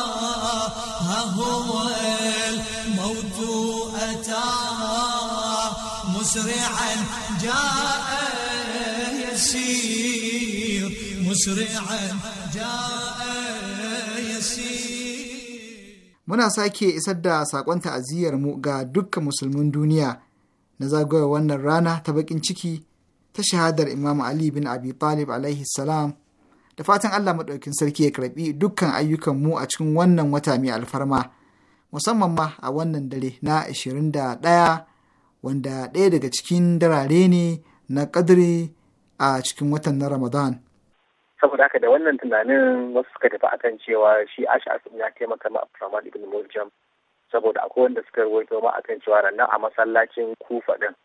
هو أتى مسرعا جاء يسير مسرعا جاء Muna sake isar da saƙon mu ga dukkan musulmin duniya na zagayowar wannan rana ta baƙin ciki ta shahadar Imam Ali bin Abi Talib alaihi salam da fatan Allah maɗaukin sarki ya karɓi dukkan ayyukan mu a cikin wannan wata mai alfarma musamman ma a wannan dare na 21 wanda ɗaya daga cikin darare ne na ƙadiri a cikin watan na Ramadan. saboda haka da wannan tunanin wasu suka tafi akan cewa shi asibin ya taimaka ma Abdurrahman ibn Muljam saboda akwai wanda suka rawaito ma akan cewa nan a masallacin Kufa din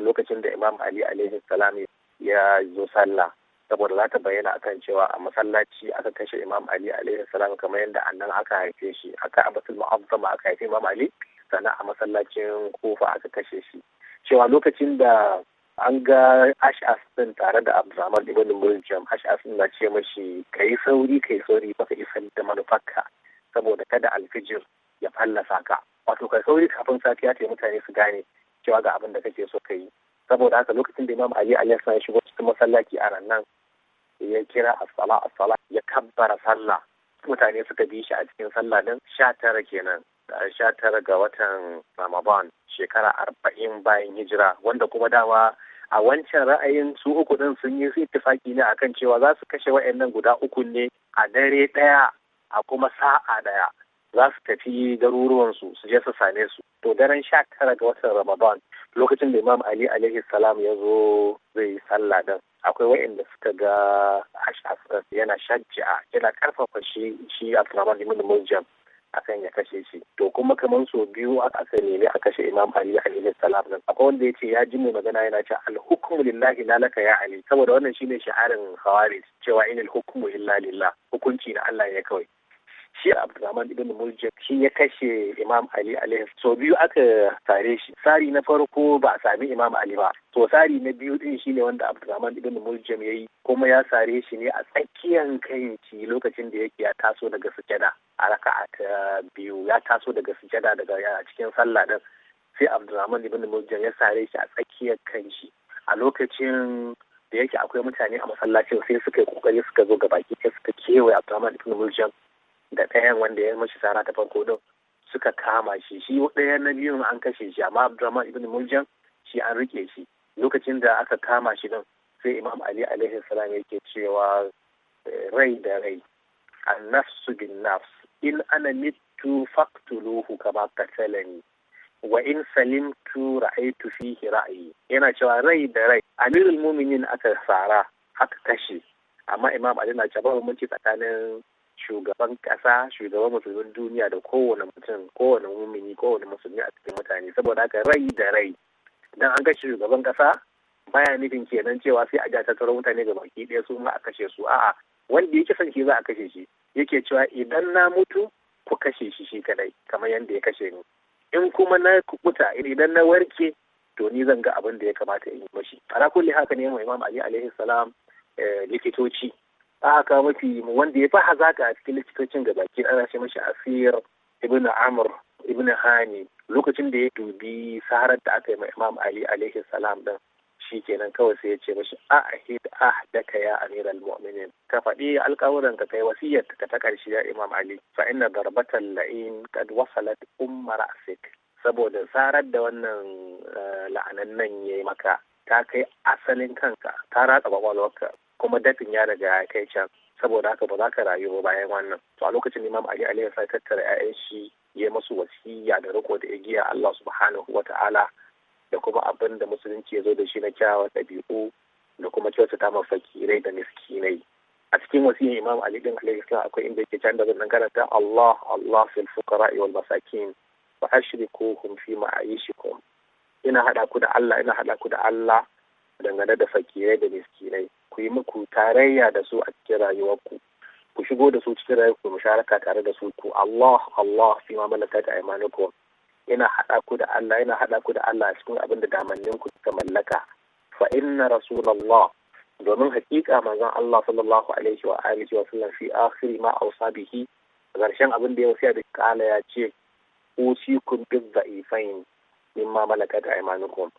lokacin da Imam Ali alaihi salam ya zo sallah saboda za ta bayyana akan cewa a masallaci aka kashe imam ali alaihi salam kamar yadda annan aka haife shi aka abatul mu'azzama aka haife imam ali sannan a masallacin kufa aka kashe shi cewa lokacin da an ga ash'as din tare da abdurrahman ibn muljam ash'as na ce mashi kai sauri kai sauri baka isar da manufarka saboda kada alfijir ya fallasa ka wato kai sauri kafin safiya ta mutane su gane cewa ga abin da kake so ka yi saboda haka lokacin da imam ali salam ya shigo cikin masallaci a nan ya kira asala asala ya kabbara sallah mutane suka bi shi a cikin sallah din sha tara kenan sha tara ga watan ramadan shekara arba'in bayan hijira wanda kuma dama a wancan ra'ayin su uku din sun yi ittifaki ne akan cewa za su kashe wa'annan guda uku ne a dare ɗaya a kuma sa'a ɗaya za su tafi garuruwansu su je su same su to daren sha tara ga watan ramadan lokacin da imam ali alaihi salam ya zo zai sallah din akwai waɗanda suka ga ashraf yana shajja'a yana karfafa shi shi abdurrahman ibn a akan ya kashe shi to kuma kamar so biyu aka sani ne a kashe imam ali alaihi salam nan akwai wanda yace ya ji mu magana yana cewa al hukmu lillahi la laka ya ali saboda wannan shine shi'arin khawarij cewa inal hukmu illa lillah hukunci na Allah ne kawai shi abdulrahman ibn muljam shi ya kashe imam ali alaihi so biyu aka sare shi sari na farko ba a sami imam ali ba to sari na biyu din shi ne wanda abdulrahman ibn muljam yi. kuma ya sare shi ne a tsakiyan kanki lokacin da yake ya taso daga sujada a raka'a ta eh, biyu ya taso daga sujada daga cikin sallah din sai abdulrahman ibn muljam ya sare shi a tsakiyar shi. a lokacin da yake akwai mutane a masallacin sai suka yi kokari suka zo ga baki sai suka kewaye abdulrahman ibn muljam da ɗayan wanda ya mashi sara ta farko din suka kama shi shi ɗaya na biyun an kashe shi amma Abdurrahman ibn Muljan shi an rike shi lokacin da aka kama shi din sai Imam Ali alaihi salam yake cewa eh, rai da rai an nafsu bin nafs in ana mitu faqtuluhu kama qatalani wa in salimtu ra'aytu fihi ra'ayi yana cewa rai da rai amirul mu'minin aka sara haka kashe amma imam ali na cewa ci tsakanin shugaban kasa shugaban musulmin duniya da kowane mutum kowane mumini kowane musulmi a cikin mutane saboda haka rai da rai dan an kashe shugaban kasa baya nufin kenan cewa sai a ja tattaro mutane ga baki ɗaya su ma a kashe su a'a wanda yake son shi za a kashe shi yake cewa idan na mutu ku kashe shi shi kadai kamar yadda ya kashe ni in kuma na kukuta idan na warke to ni zan ga abin da ya kamata in yi mashi a kulli haka ne mai imam ali alaihi salam eh, likitoci aka mafi wanda ya fi hazaka a cikin likitocin gaba ke ana ce mashi asir ibn amr ibn hani lokacin da ya dubi saharar da aka yi ma imam ali alaihi salam din shi kenan kawai sai ya ce mashi ahid ahdaka ya amiral mu'minin ka faɗi alƙawuran ka kai wasiyar ka ta ƙarshe ya imam ali fa inna darbatan la'in kad wasalat umma ra'sik saboda sarar da wannan eh, la'anan nan yayi maka ta kai asalin kanka ta ratsa kwakwalwarka kuma dafin ya riga ya kai can saboda haka ba za ka rayu ba bayan wannan to a lokacin imam ali alayhi sai tattara 'ya'yan shi ya masu wasiya da riko da igiya Allah subhanahu wa ta'ala da kuma abin da musulunci ya zo da shi na kyawawan ɗabi'u da kuma kyautata ma fakirai da miskinai a cikin wasiyyar imam ali din alayhi salam akwai inda yake can da zan karanta Allah Allah fil fukara wal masakin wa ashrikuhum fi ma'ayishikum ina hada ku da Allah ina hada ku da Allah dangane da fakirai da miskinai ku yi muku tarayya da su a cikin rayuwarku ku shigo da su cikin rayuwarku ku musharaka tare da su ku Allah Allah fi ma ta aymanukum yana hada ku da Allah ina haɗa ku da Allah cikin abin da damannin ku suka mallaka fa inna rasulallah domin hakika manzon Allah sallallahu alaihi wa alihi wa sallam fi akhiri ma ausa bihi ƙarshen abin da ya wasiya da kala ya ce usikum bi dha'ifain mimma malakat aymanukum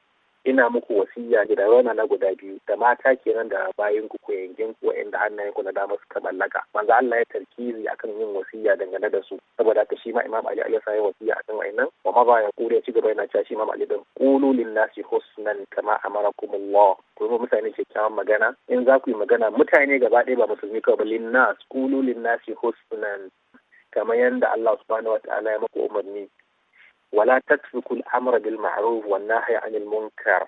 ina muku wasiya da rauna na guda biyu da mata kenan da bayan ku ku yankin ku inda hannayen ku na dama suka mallaka manzo Allah ya tarkizi akan yin wasiya dangane da su saboda ka shi ma Imam Ali ya sa wasiya akan aina, wa ma ba ya kure ci gaba yana cewa shi Imam Ali Dan. qulu lin nasi husnan kama kuma ku yi mutane ke kyawun magana in za ku yi magana mutane gaba ɗaya ba musulmi kawai ba lin nas qulu lin nasi husnan kamar yadda Allah subhanahu ta'ala ya muku umarni wala tatfiku al'amra bil ma'ruf wan nahyi anil munkar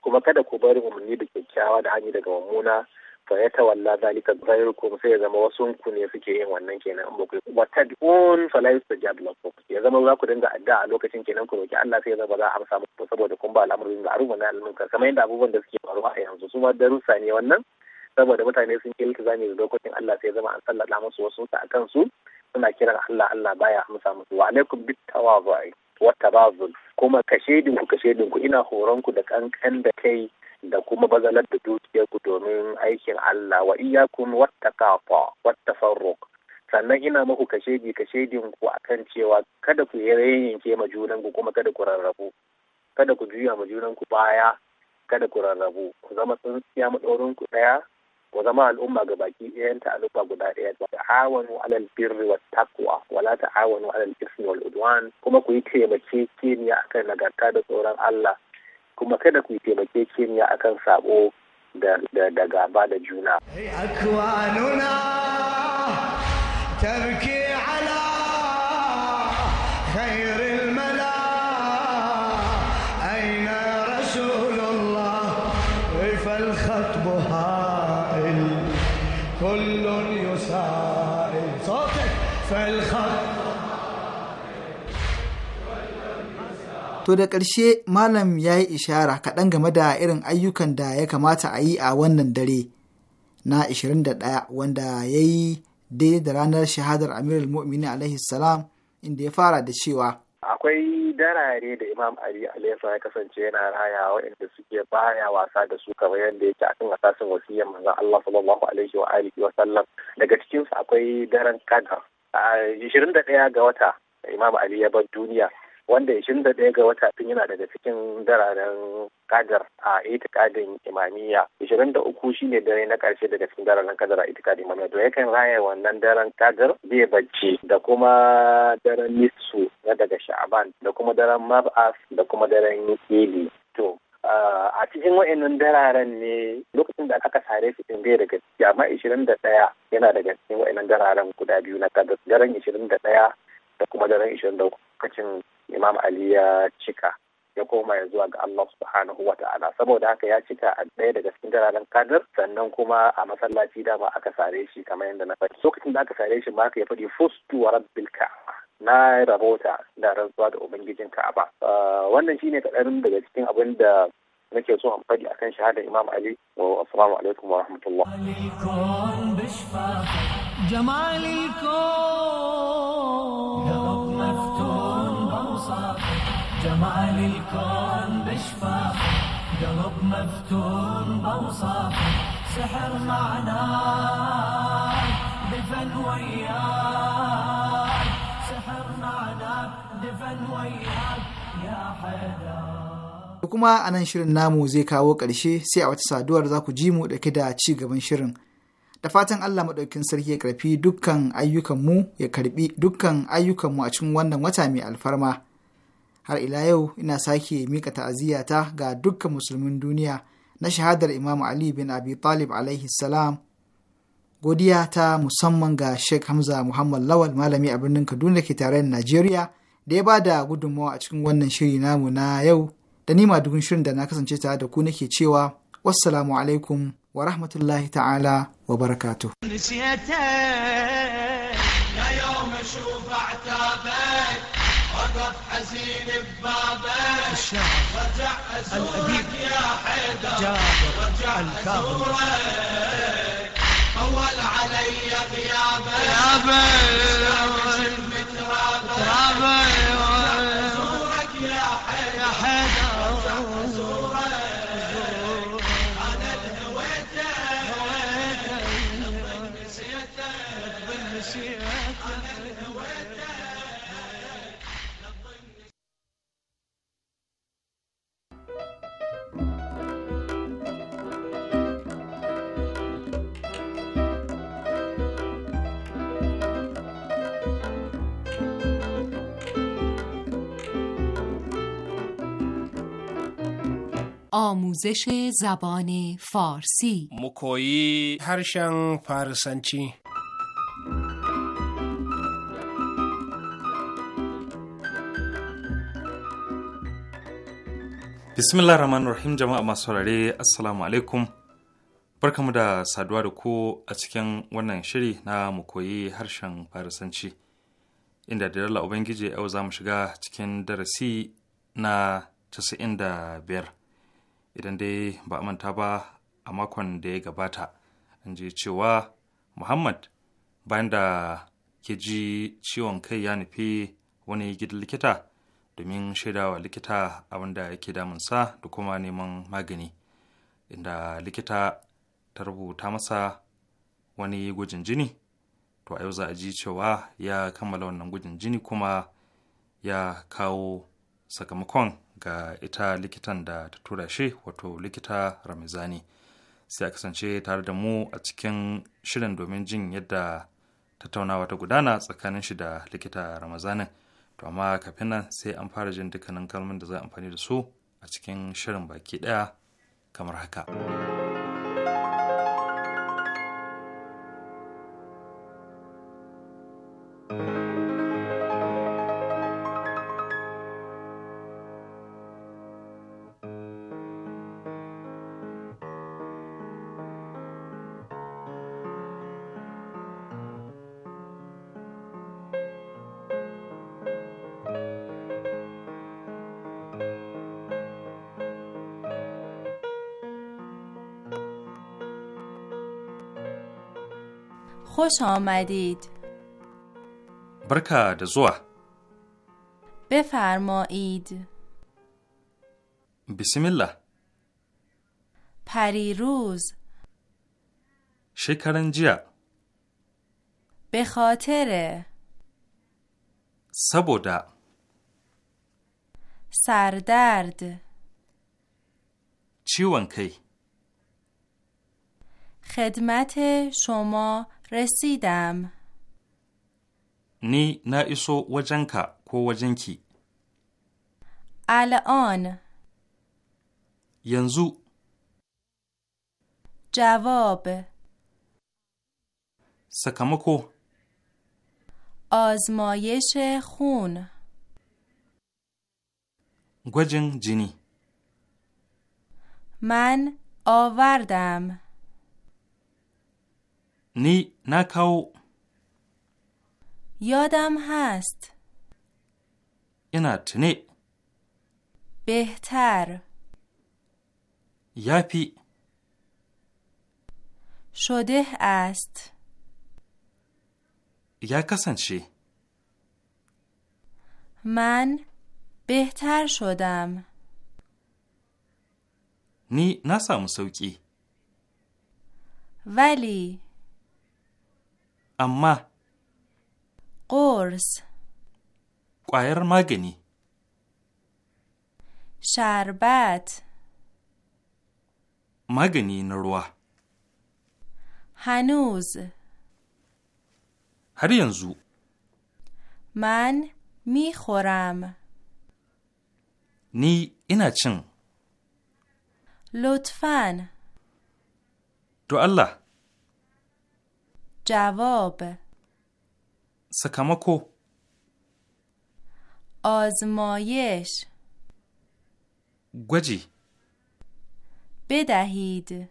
kuma kada ku bari umarni da kyakkyawa da hanyar daga mummuna fa ya tawalla zalika ghayrukum sai ya zama wasu ku ne suke yin wannan kenan in baku wa tad'un fala yustajab lakum ya zama za ku dinga addu'a a lokacin kenan ku roki Allah sai ya zama za a amsa muku saboda kun ba al'amarin da aruma na al'amuka kamar yadda abubuwan da suke faruwa a yanzu su ma darussa ne wannan saboda mutane sun yi iltizami da dokokin Allah sai ya zama an sallala musu wasu ta akan su suna kiran Allah Allah baya amsa musu wa alaikum bit tawazu'i wa tabazul kuma kashedin ku ina horon ku da kankan da kai da kuma bazalar da dukiyarku domin aikin Allah wa iyyakum wattaqafa wattafarruq sannan ina muku kashedi kashedin ku akan cewa kada ku yayyanke ma junan kuma kada ku rarrabu kada ku juya ma junan baya kada ku rarrabu ku zama tsintsiya madaurin ku daya wa zama al'umma ga baki ɗayanta alufa guda ɗaya ba hawanu alal birri wa takwa wa la ta'awanu alal ismi wal udwan kuma ku yi kimiyya akan nagarta da tsoron Allah kuma kada ku yi kimiyya akan sabo da da gaba da juna. Akwanuna To da ƙarshe malam ya yi ishara kaɗan game da irin ayyukan da ya kamata a yi a wannan dare na 21 wanda ya yi daidai da ranar shahadar al Mu'mini alaihi salam inda ya fara da cewa. Akwai darare da Imam Ali alaihi ya kasance yana raya waɗanda suke baya wasa da su kamar yadda yake akan asasin wasiyyar manzon Allah sallallahu alaihi wa alihi wa sallam daga cikinsu su akwai daren Qadr. A 21 ga wata Imam Ali ya bar duniya wanda 21 ga wata tun yana daga cikin dararen kadar a itikadin da 23 shine dare na karshe daga cikin dararen kadar a itikadin imamiya. to yakan raya wannan daren kadar bai bacci da kuma daren nisu na daga sha'aban da kuma daren mab'as da kuma daren ili to a cikin wa'annan dararen ne lokacin da aka sare su ɗin bai daga ishirin amma 21 yana daga cikin wa'annan dararen guda biyu na kadar daren 21 da kuma daren ishirin da lokacin imam ali ya cika ya koma ya zuwa ga Allah subhanahu wa ta'ala saboda haka ya cika a ɗaya daga cikin dararen kadar sannan kuma a masallaci dama aka sare shi kamar yadda na faɗi lokacin da aka sare shi ma aka ya faɗi fustu wa rabbil ka'aba na rabota da rantsuwa da ubangijin ka'aba ah, wannan shine kaɗan daga cikin abin da nake so in faɗi akan shahadar Imam Ali wa assalamu alaikum wa rahmatullah جمال الكون بشفافه قلب مفتون بوصافه سحر معنا دفن وياك سحر معنا دفن وياك يا حدا kuma a nan shirin namu zai kawo ƙarshe sai a wata saduwar za ku ji mu ɗaki da ci gaban shirin da fatan Allah maɗaukin sarki ya karfi dukkan ayyukanmu ya karbi dukkan ayyukanmu a cikin wannan wata mai alfarma har ila yau ina sake mika ta'aziyata ga dukkan musulmin duniya na shahadar imamu ali bin abi talib alaihi salam godiya ta musamman ga sheikh hamza muhammad lawal malami a birnin kaduna ke tare da najeriya da ya bada gudunmawa a cikin wannan shiri namu na yau da nima madugun shirin da na kasance tare da ku nake cewa wassalamu alaikum wa rahmatullahi ta'ala wa barakatu وقف حزين ببابك رجع أزورك يا حيدر رجع أزورك طول علي غيابك غيابك مترابك آموزش زبان فارسی مکویی هرشن فارسنچی bismillah rahman rahim jama'a masu saurare assalamu alaikum barkamu da saduwa da ku a cikin wannan shiri na mu koyi harshen farisanci inda da dala ubangiji yau za mu shiga cikin darasi na 95 idan dai ba a manta ba a makon da ya gabata an ji cewa muhammad bayan da ke ji ciwon kai ya nufi wani gidan likita domin wa likita abinda yake damunsa da kuma neman magani inda likita ta rubuta masa wani gwajin jini to a yau za a ji cewa ya kammala wannan gwajin jini kuma ya kawo sakamakon ga ita likitan da ta tura shi wato likita ramizani sai a kasance tare da mu a cikin shirin domin jin yadda tattaunawa ta gudana tsakanin shi da likita ramazanin to amma kafin nan sai an fara jin dukkanin kalmomin da za a amfani da su a cikin shirin baki daya kamar haka. خوش آمدید برکا زوا بفرمایید بسم الله روز شکرنجیا به خاطر سبودا سردرد چیون خدمت شما رسیدم نی نا ایسو وجنکا کو وجنکی الان ینزو جواب سکمکو آزمایش خون گوجن جنی من آوردم نی نکاو یادم هست اینا نی بهتر یپی شده است یا چی؟ من بهتر شدم نی نسام سوکی ولی amma Ƙors Ƙwayar magani Sharbat Magani na ruwa Hanuz Har yanzu Man mi khoram. Ni ina cin Lutfan To Allah جواب سکاماکو آزمایش گوجی بدهید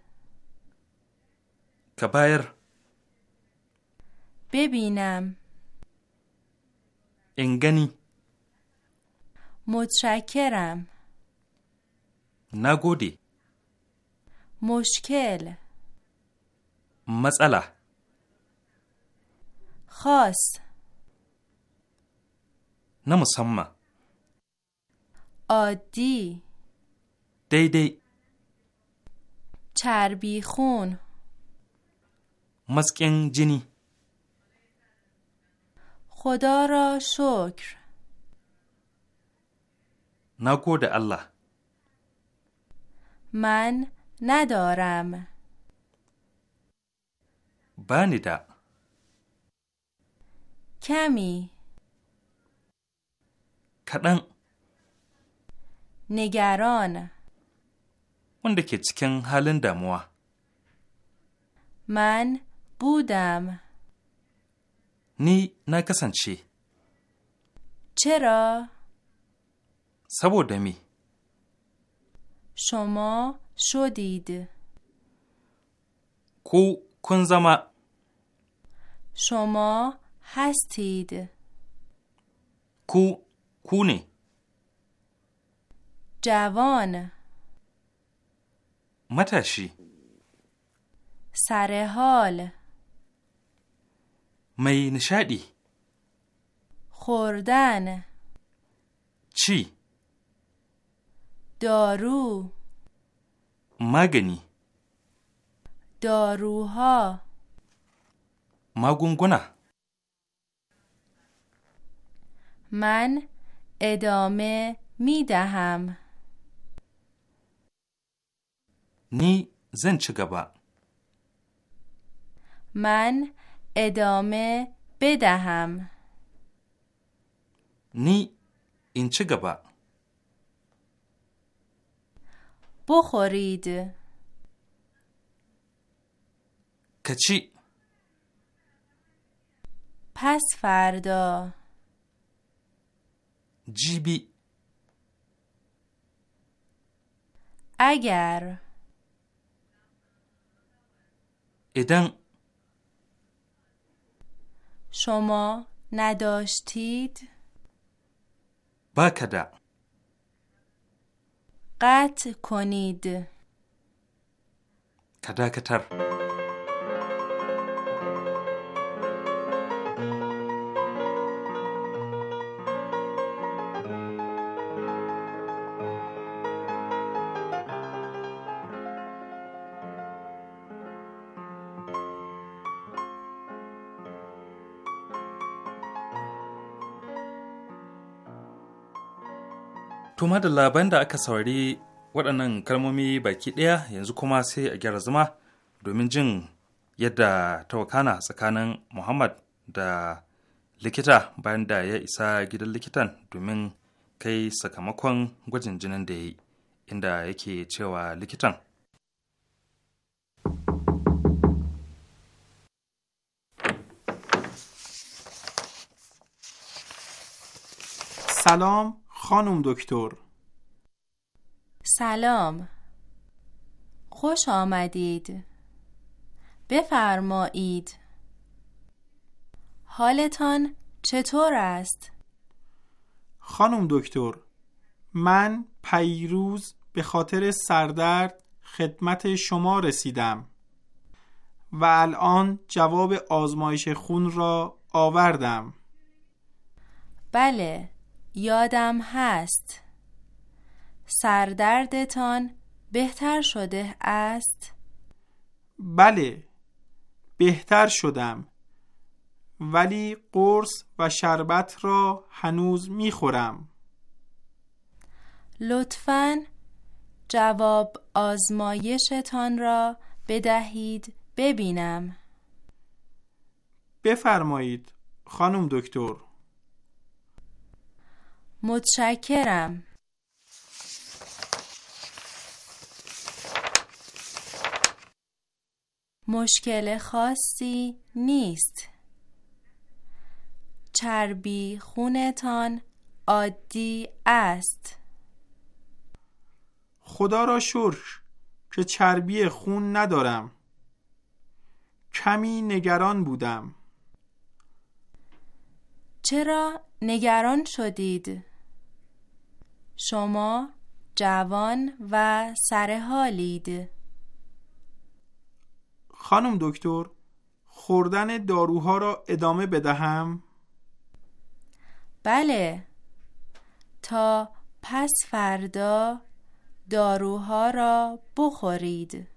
کبایر ببینم انگنی متشکرم نگودی مشکل مسئله خاص نه عادی دی چربی خون مسکن جنی خدا را شکر نگود الله من ندارم بانی کمی کدن نگران wanda ke cikin halin damuwa. Man budam. Ni na kasance. Cira. Saboda mi. Shomo shodid. Ku kun zama. Shomo هستید کو کونه جوان متشی سر حال می نشادی خوردن چی دارو مگنی داروها مگونگونه من ادامه می دهم نی زن چگبا من ادامه بدهم نی این چگبا بخورید کچی پس فردا جیبی اگر ادن شما نداشتید باکدا قطع کنید کدکتر kuma da labaran da aka saurari waɗannan kalmomi baki ɗaya yanzu kuma sai a gyara zama domin jin yadda ta wakana tsakanin Muhammad da likita bayan da ya isa gidan likitan domin kai sakamakon gwajin jinin da ya yi inda yake cewa likitan سلام خانم دکتر سلام خوش آمدید بفرمایید حالتان چطور است؟ خانم دکتر من پیروز به خاطر سردرد خدمت شما رسیدم و الان جواب آزمایش خون را آوردم بله یادم هست سردردتان بهتر شده است؟ بله بهتر شدم ولی قرص و شربت را هنوز میخورم لطفا جواب آزمایشتان را بدهید ببینم بفرمایید خانم دکتر متشکرم. مشکل خاصی نیست. چربی خونتان عادی است. خدا را شکر که چربی خون ندارم. کمی نگران بودم. چرا نگران شدید شما جوان و سرحالید خانم دکتر خوردن داروها را ادامه بدهم؟ بله تا پس فردا داروها را بخورید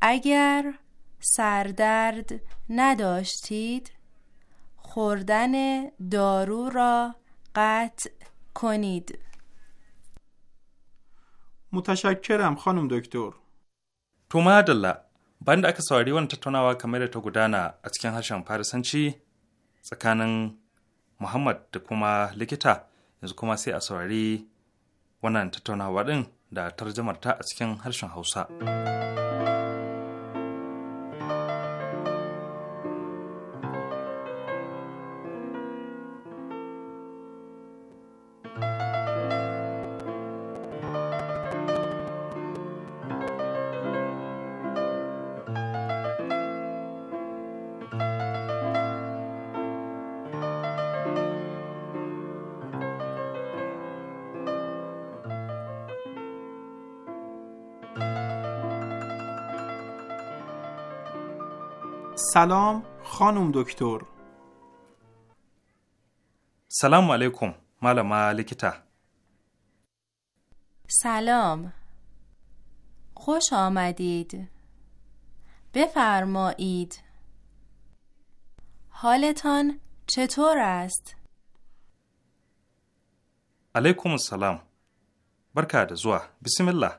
اگر سردرد نداشتید خوردن دارو را قطع کنید متشکرم خانم دکتر to madalla bayan da aka saurari wani tattaunawa kamar da ta gudana a cikin harshen farisanci tsakanin muhammad da kuma likita yanzu kuma sai a saurari wannan tattaunawa din da tarjamarta a cikin harshen hausa. سلام خانم دکتر سلام علیکم مالا مالکتا سلام خوش آمدید بفرمایید حالتان چطور است؟ علیکم السلام زوا بسم الله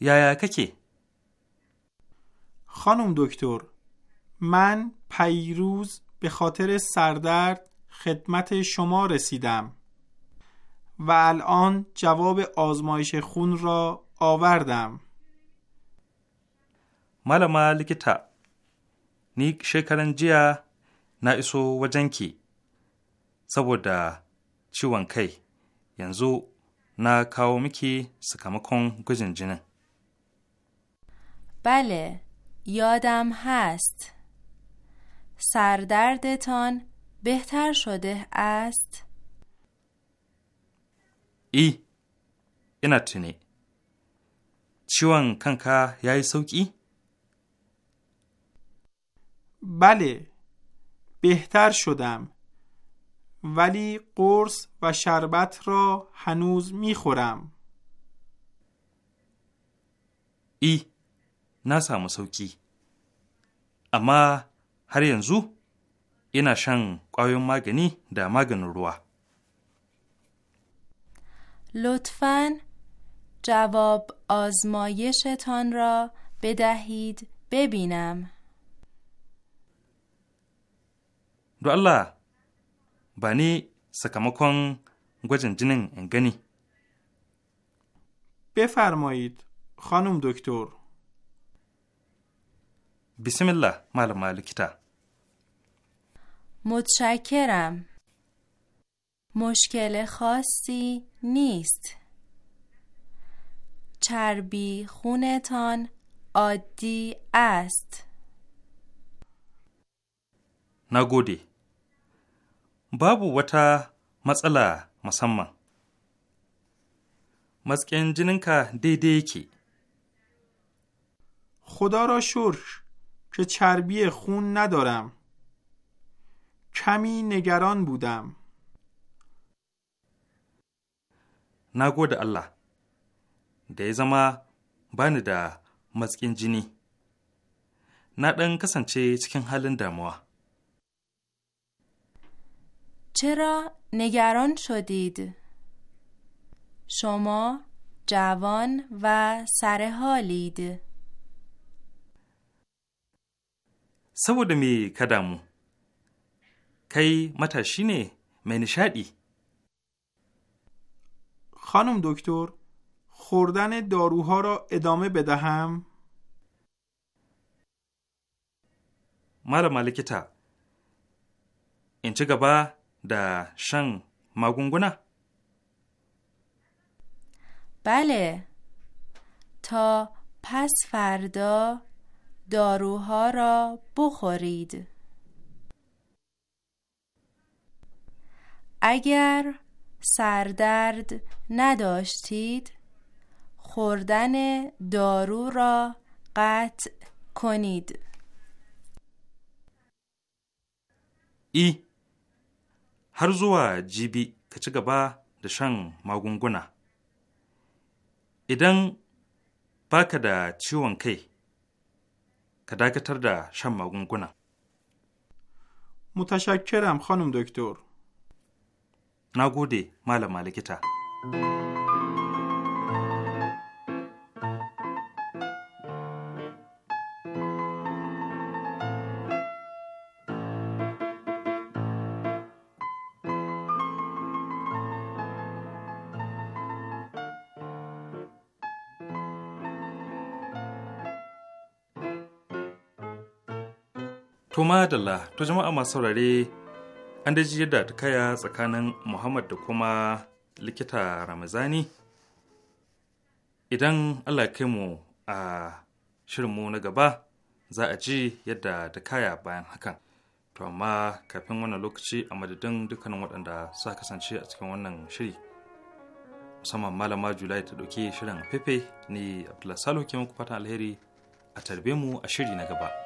یا یا ککی؟ خانم دکتر من پیروز به خاطر سردرد خدمت شما رسیدم و الان جواب آزمایش خون را آوردم مالا مالکتا نیک شکرن جیا نایسو و جنکی سبودا چیوان کی ینزو نا کاو میکی سکامکون گزن جنن بله یادم هست سردردتان بهتر شده است ای اینا چنه چیوان کنکا یای سوکی بله بهتر شدم ولی قرص و شربت را هنوز خورم. ای na samu sauki. Amma har yanzu ina shan ƙwayoyin magani da maganin ruwa. لطفا جواب آزمایشتان را بدهید ببینم دو الله بانی سکمکن گوجن جنین انگنی بفرمایید خانم دکتر بسم الله مال متشکرم مشکل خاصی نیست چربی خونتان عادی است نگودی بابو وتا مسئله مسمم مسکن جنینکا دیدی کی خدا را شرش که چربی خون ندارم کمی نگران بودم نگود الله دیزما، ya zama bani da matsin jini na ɗan چرا نگران شدید؟ شما جوان و سر حالید. saboda می کدامو کی matashi ne خانم دکتر خوردن داروها را ادامه بدهم مرا ملکتا این چه گبا دا شن بله تا پس فردا داروها را بخورید اگر سردرد نداشتید خوردن دارو را قطع کنید ای har zuwa jibi ka ci gaba da shan magunguna. Idan baka da ciwon kai, ka dakatar da shan magunguna. متشکرم خانم دکتر. Na gode, malama likita. da la to jama'a masu saurare an daji yadda ta kaya tsakanin Muhammad da kuma likita Ramazani. Idan Allah kai mu a shirinmu na gaba za a ji yadda ta kaya bayan hakan. To amma kafin wannan lokaci a madadin dukkanin waɗanda suka kasance a cikin wannan shiri. Musamman Malama Julai ta ɗauki shirin fefe ne Abdullahi Salo ke muku fatan alheri a tarbe mu a shiri na gaba.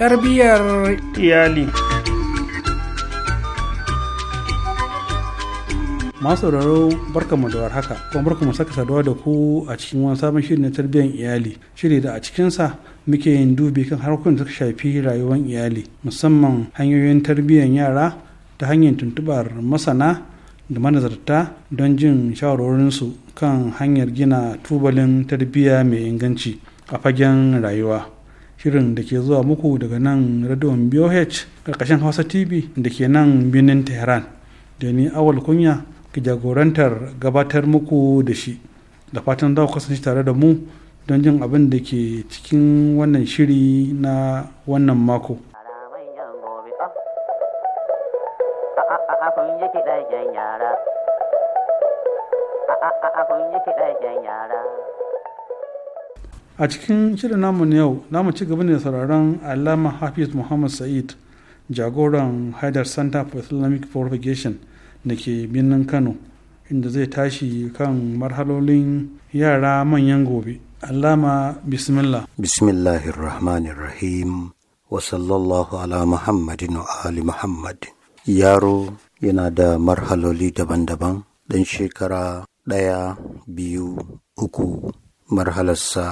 tarbiyyar iyali masu sauraro mu da haka, kuma barka mu saka saduwa da ku a cikin wani sabon shiri na tarbiyar iyali shiri da a cikinsa muke yin dubi kan harkokin da suka shafi rayuwar iyali musamman hanyoyin tarbiyyar yara ta hanyar tuntubar masana da manazarta don jin shawarorinsu kan hanyar gina tubalin tarbiyya mai inganci a fagen rayuwa shirin da ke zuwa muku daga nan radion boh karkashin hausa tv da ke nan birnin tehran da ni awal kunya ke jagorantar gabatar muku da shi da fatan za ku kasance tare da mu don jin abin da ke cikin wannan shiri na wannan mako yara a cikin shirin namu na yau mu ci gaba ne sauraron alama hafiz muhammad sa'id jagoran haidar center for islamic propagation da ke birnin kano inda zai tashi kan marhalolin yara manyan gobe alama bismillah bismillahirrahmanirrahim wa sallallahu ala muhammadin wa ali muhammad yaro yana da marhaloli daban-daban dan shekara ɗaya biyu uku marhalarsa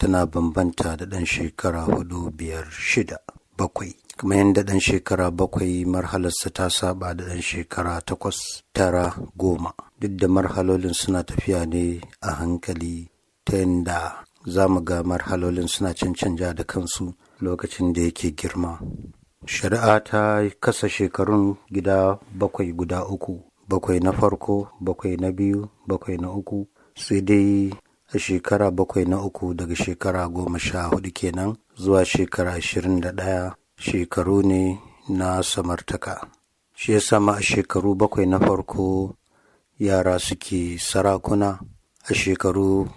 tana bambanta da ɗan shekara hudu biyar shida bakwai kamar yadda ɗan shekara bakwai marhalarsa ta saba da ɗan shekara takwas tara goma duk da marhalolin suna tafiya ne a hankali ta yadda za mu ga marhalolin suna cancanja da kansu lokacin da yake girma shari'a ta kasa shekarun gida bakwai guda uku bakwai na farko bakwai na biyu bakwai na uku sai dai a shekara bakwai na uku daga shekara goma sha hudu kenan zuwa shekara ashirin da ɗaya shekaru ne na samartaka shi ya sama a shekaru bakwai na farko yara suke sarakuna a shekaru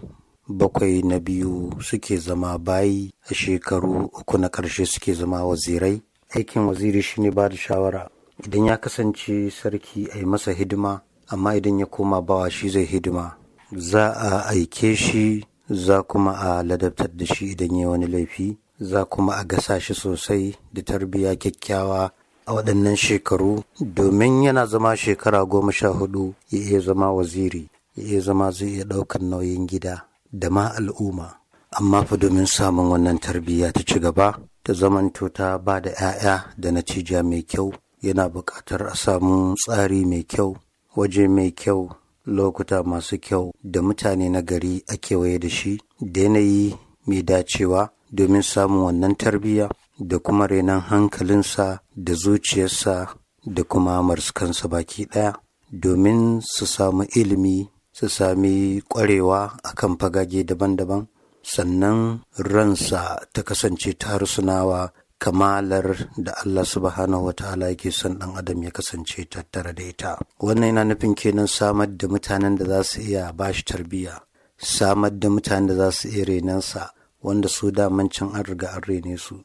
bakwai na biyu suke zama bayi a shekaru uku na ƙarshe suke zama wazirai aikin waziri shine ba da shawara idan ya kasance sarki a yi masa hidima amma idan ya koma bawa shi zai hidima za a aike shi za kuma a ladabtar da shi idan ya wani laifi za kuma a gasa shi sosai da tarbiyya kyakkyawa a waɗannan shekaru domin yana zama shekara goma sha hudu ya iya zama waziri ya iya zama zai iya ɗaukar nauyin gida da ma al'umma amma fa domin samun wannan tarbiyya ta ci gaba ta zamanto ta ba da 'ya'ya da natija mai kyau yana buƙatar a samu tsari mai kyau waje mai kyau lokuta masu kyau da mutane na gari a kewaye da shi da yanayi mai dacewa domin samun wannan tarbiyya da kuma renon hankalinsa da zuciyarsa da kuma marskansa baki ɗaya domin su samu ilimi su sami ƙwarewa a kan fagage daban-daban sannan ransa ta kasance ta harsunawa kamalar da Allah subhanahu wataala yake son ɗan adam ya kasance tattara da ita wannan yana nufin kenan samar da mutanen da za su iya bashi tarbiyya samar da mutanen da za su iya renansa wanda su daman can an riga an rene su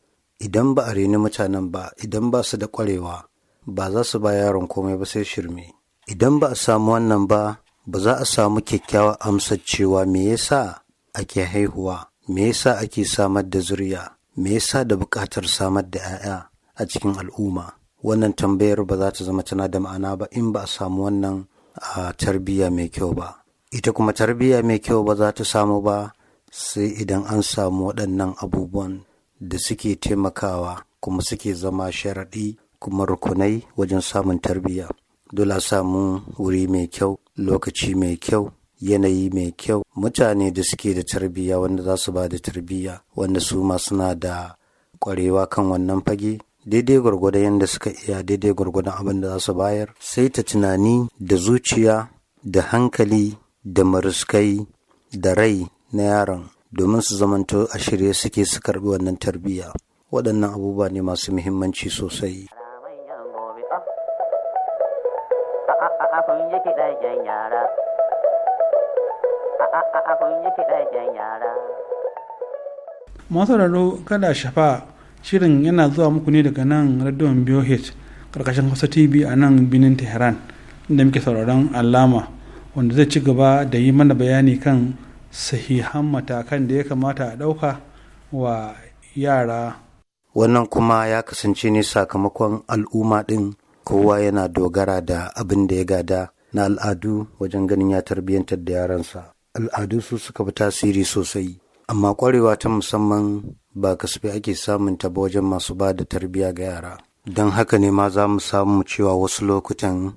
idan ba a reni mutanen ba idan ba su da ƙwarewa ba za su ba yaron komai ba sai shirme idan ba a samu wannan ba ba za a samu kyakkyawar amsar cewa me yasa ake haihuwa me yasa ake samar da zuriya me yasa da buƙatar samar da 'ya'ya a cikin al'umma wannan tambayar ba za ta zama tana da ma'ana ba in ba a samu wannan a tarbiyya mai kyau ba ita kuma tarbiyya mai kyau ba za ta samu ba sai idan an samu waɗannan abubuwan da suke taimakawa kuma suke zama sharaɗi kuma rukunai wajen samun tarbiyya dole a samu wuri mai kyau lokaci mai kyau yanayi mai kyau mutane da suke da tarbiya wanda za su ba da tarbiya wanda su ma suna da kwarewa kan wannan fage daidai gwargwadon yadda suka iya daidai gwargwadon abin da za su bayar sai ta tunani da zuciya da hankali da maruskai da rai na yaron domin su zamanto a shirye suke su karbi wannan tarbiya waɗannan abubuwa ne masu muhimmanci sosai yara abun kada shafa shirin yana zuwa muku ne daga nan radio BOH karkashin Hausa TV a nan binin Tehran inda muke sauraron alama wanda zai ci gaba da yi mana bayani kan sahihan matakan da ya kamata a ɗauka wa yara. Wannan kuma ya kasance ne sakamakon al'umma ɗin kowa yana dogara da abin da ya gada na al'adu wajen ganin ya tarbiyyantar da yaransa. al'adunsu suka fi tasiri sosai amma ƙwarewa ta musamman ba kasafi ake samun ta ba wajen masu ba da tarbiyya ga yara don haka ne ma za mu samu cewa wasu lokutan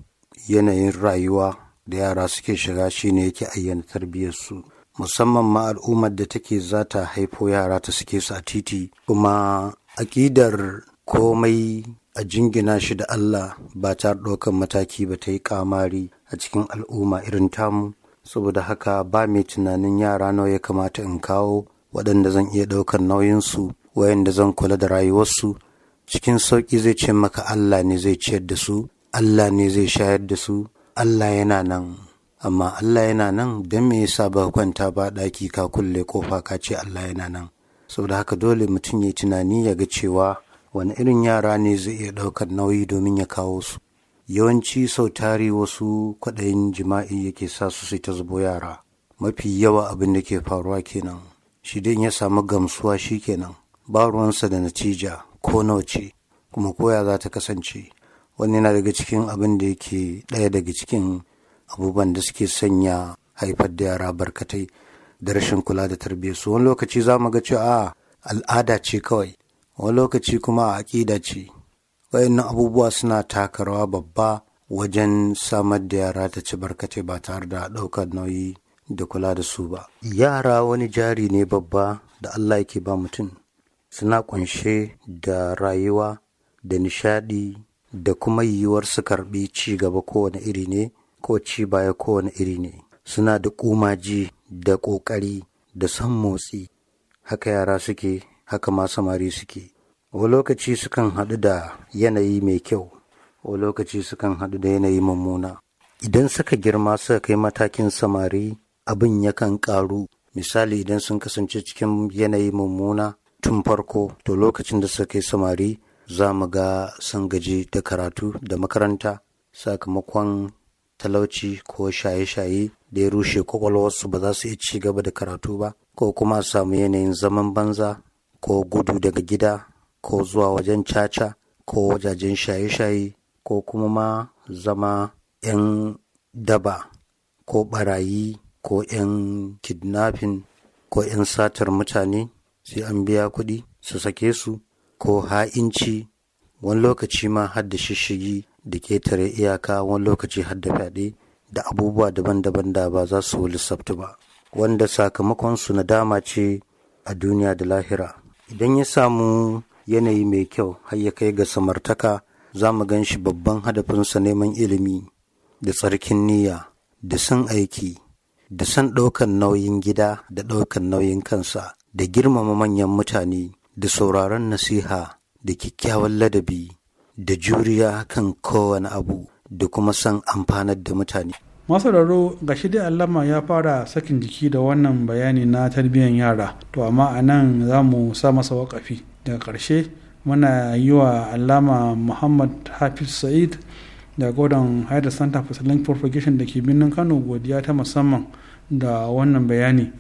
yanayin rayuwa da yara suke shiga shine yake ayyana tarbiyyarsu musamman ma al'ummar da take za ta haifo yara ta suke su a titi kuma aƙidar komai a jingina shi da Allah ba ta ɗaukan mataki ba ta yi ƙamari a cikin al'umma irin tamu saboda haka ba mai tunanin yara nawa ya kamata in kawo waɗanda zan iya ɗaukar nauyinsu wayanda zan kula da rayuwarsu cikin sauƙi zai ce maka Allah ne zai ciyar da su Allah ne zai shayar da su Allah yana nan amma Allah yana nan don me yasa ba kwanta ba ɗaki ka kulle kofa ka ce Allah yana nan saboda haka dole mutum ya tunani ya ga cewa wani irin yara ne zai iya ɗaukar nauyi domin ya kawo su yawanci sau tari wasu kwaɗayin jima'i yake sa su sai ta zubo yara mafi yawa abin da ke faruwa kenan shi dai ya samu gamsuwa shi kenan ba ruwansa da natija ko nawa ce kuma koya za ta kasance wani yana daga cikin abin da yake ɗaya daga cikin abubuwan da suke sanya haifar da yara barkatai da rashin kula da tarbiyyar su wani lokaci za mu ga cewa al'ada ce kawai wani lokaci kuma a aƙida ce wayannan abubuwa suna taka rawa babba wajen samar da yara ta ci barkace ba tare da ɗaukar nauyi da kula da su ba. Yara wani jari ne babba da Allah yake ba mutum, suna ƙunshe da rayuwa da nishaɗi da kuma yiwuwar su karɓi ci gaba kowane iri ne ko ci baya kowane iri ne. Suna da ƙumaji da ƙoƙari da son motsi, haka yara suke, haka ma samari suke. wa lokaci sukan haɗu da yanayi mai kyau wa lokaci sukan haɗu da yanayi mummuna idan suka girma suka kai matakin samari abin yakan ƙaru misali idan sun kasance cikin yanayi mummuna tun farko to lokacin da suka kai samari za mu ga sun gaji da karatu da makaranta sakamakon talauci ko shaye-shaye da ya rushe kwakwalwarsu ba za su iya ci gaba da karatu ba ko kuma samu yanayin zaman banza ko gudu daga gida ko zuwa wajen caca ko wajajen shaye-shaye ko kuma ma zama 'yan daba ko barayi ko 'yan kidnapping ko 'yan satar mutane sai an biya kuɗi su sake su ko ha'inci wani lokaci ma har da shishigi da ketare iyaka wani lokaci har fyaɗe da abubuwa daban-daban da ba za su lissafta ba wanda sakamakon sakamakonsu nadama ce a duniya da lahira idan ya samu yanayi mai kyau har ya kai ga samartaka za mu gan shi babban hadafinsa neman ilimi da tsarkin niyya da san aiki da san ɗaukan nauyin gida da ɗaukan nauyin kansa da girmama manyan mutane da sauraron nasiha da kyakkyawan ladabi da juriya kan kowane abu da kuma san amfanar da mutane. masararo ga shi dai allama ya fara sakin jiki da wannan bayani na tarbiyyar yara to amma a nan za mu sa masa wakafi daga karshe muna yi wa alama muhammad hafiz sa'id da gordon haida santa for link propagation da ke birnin kano godiya ta musamman da wannan bayani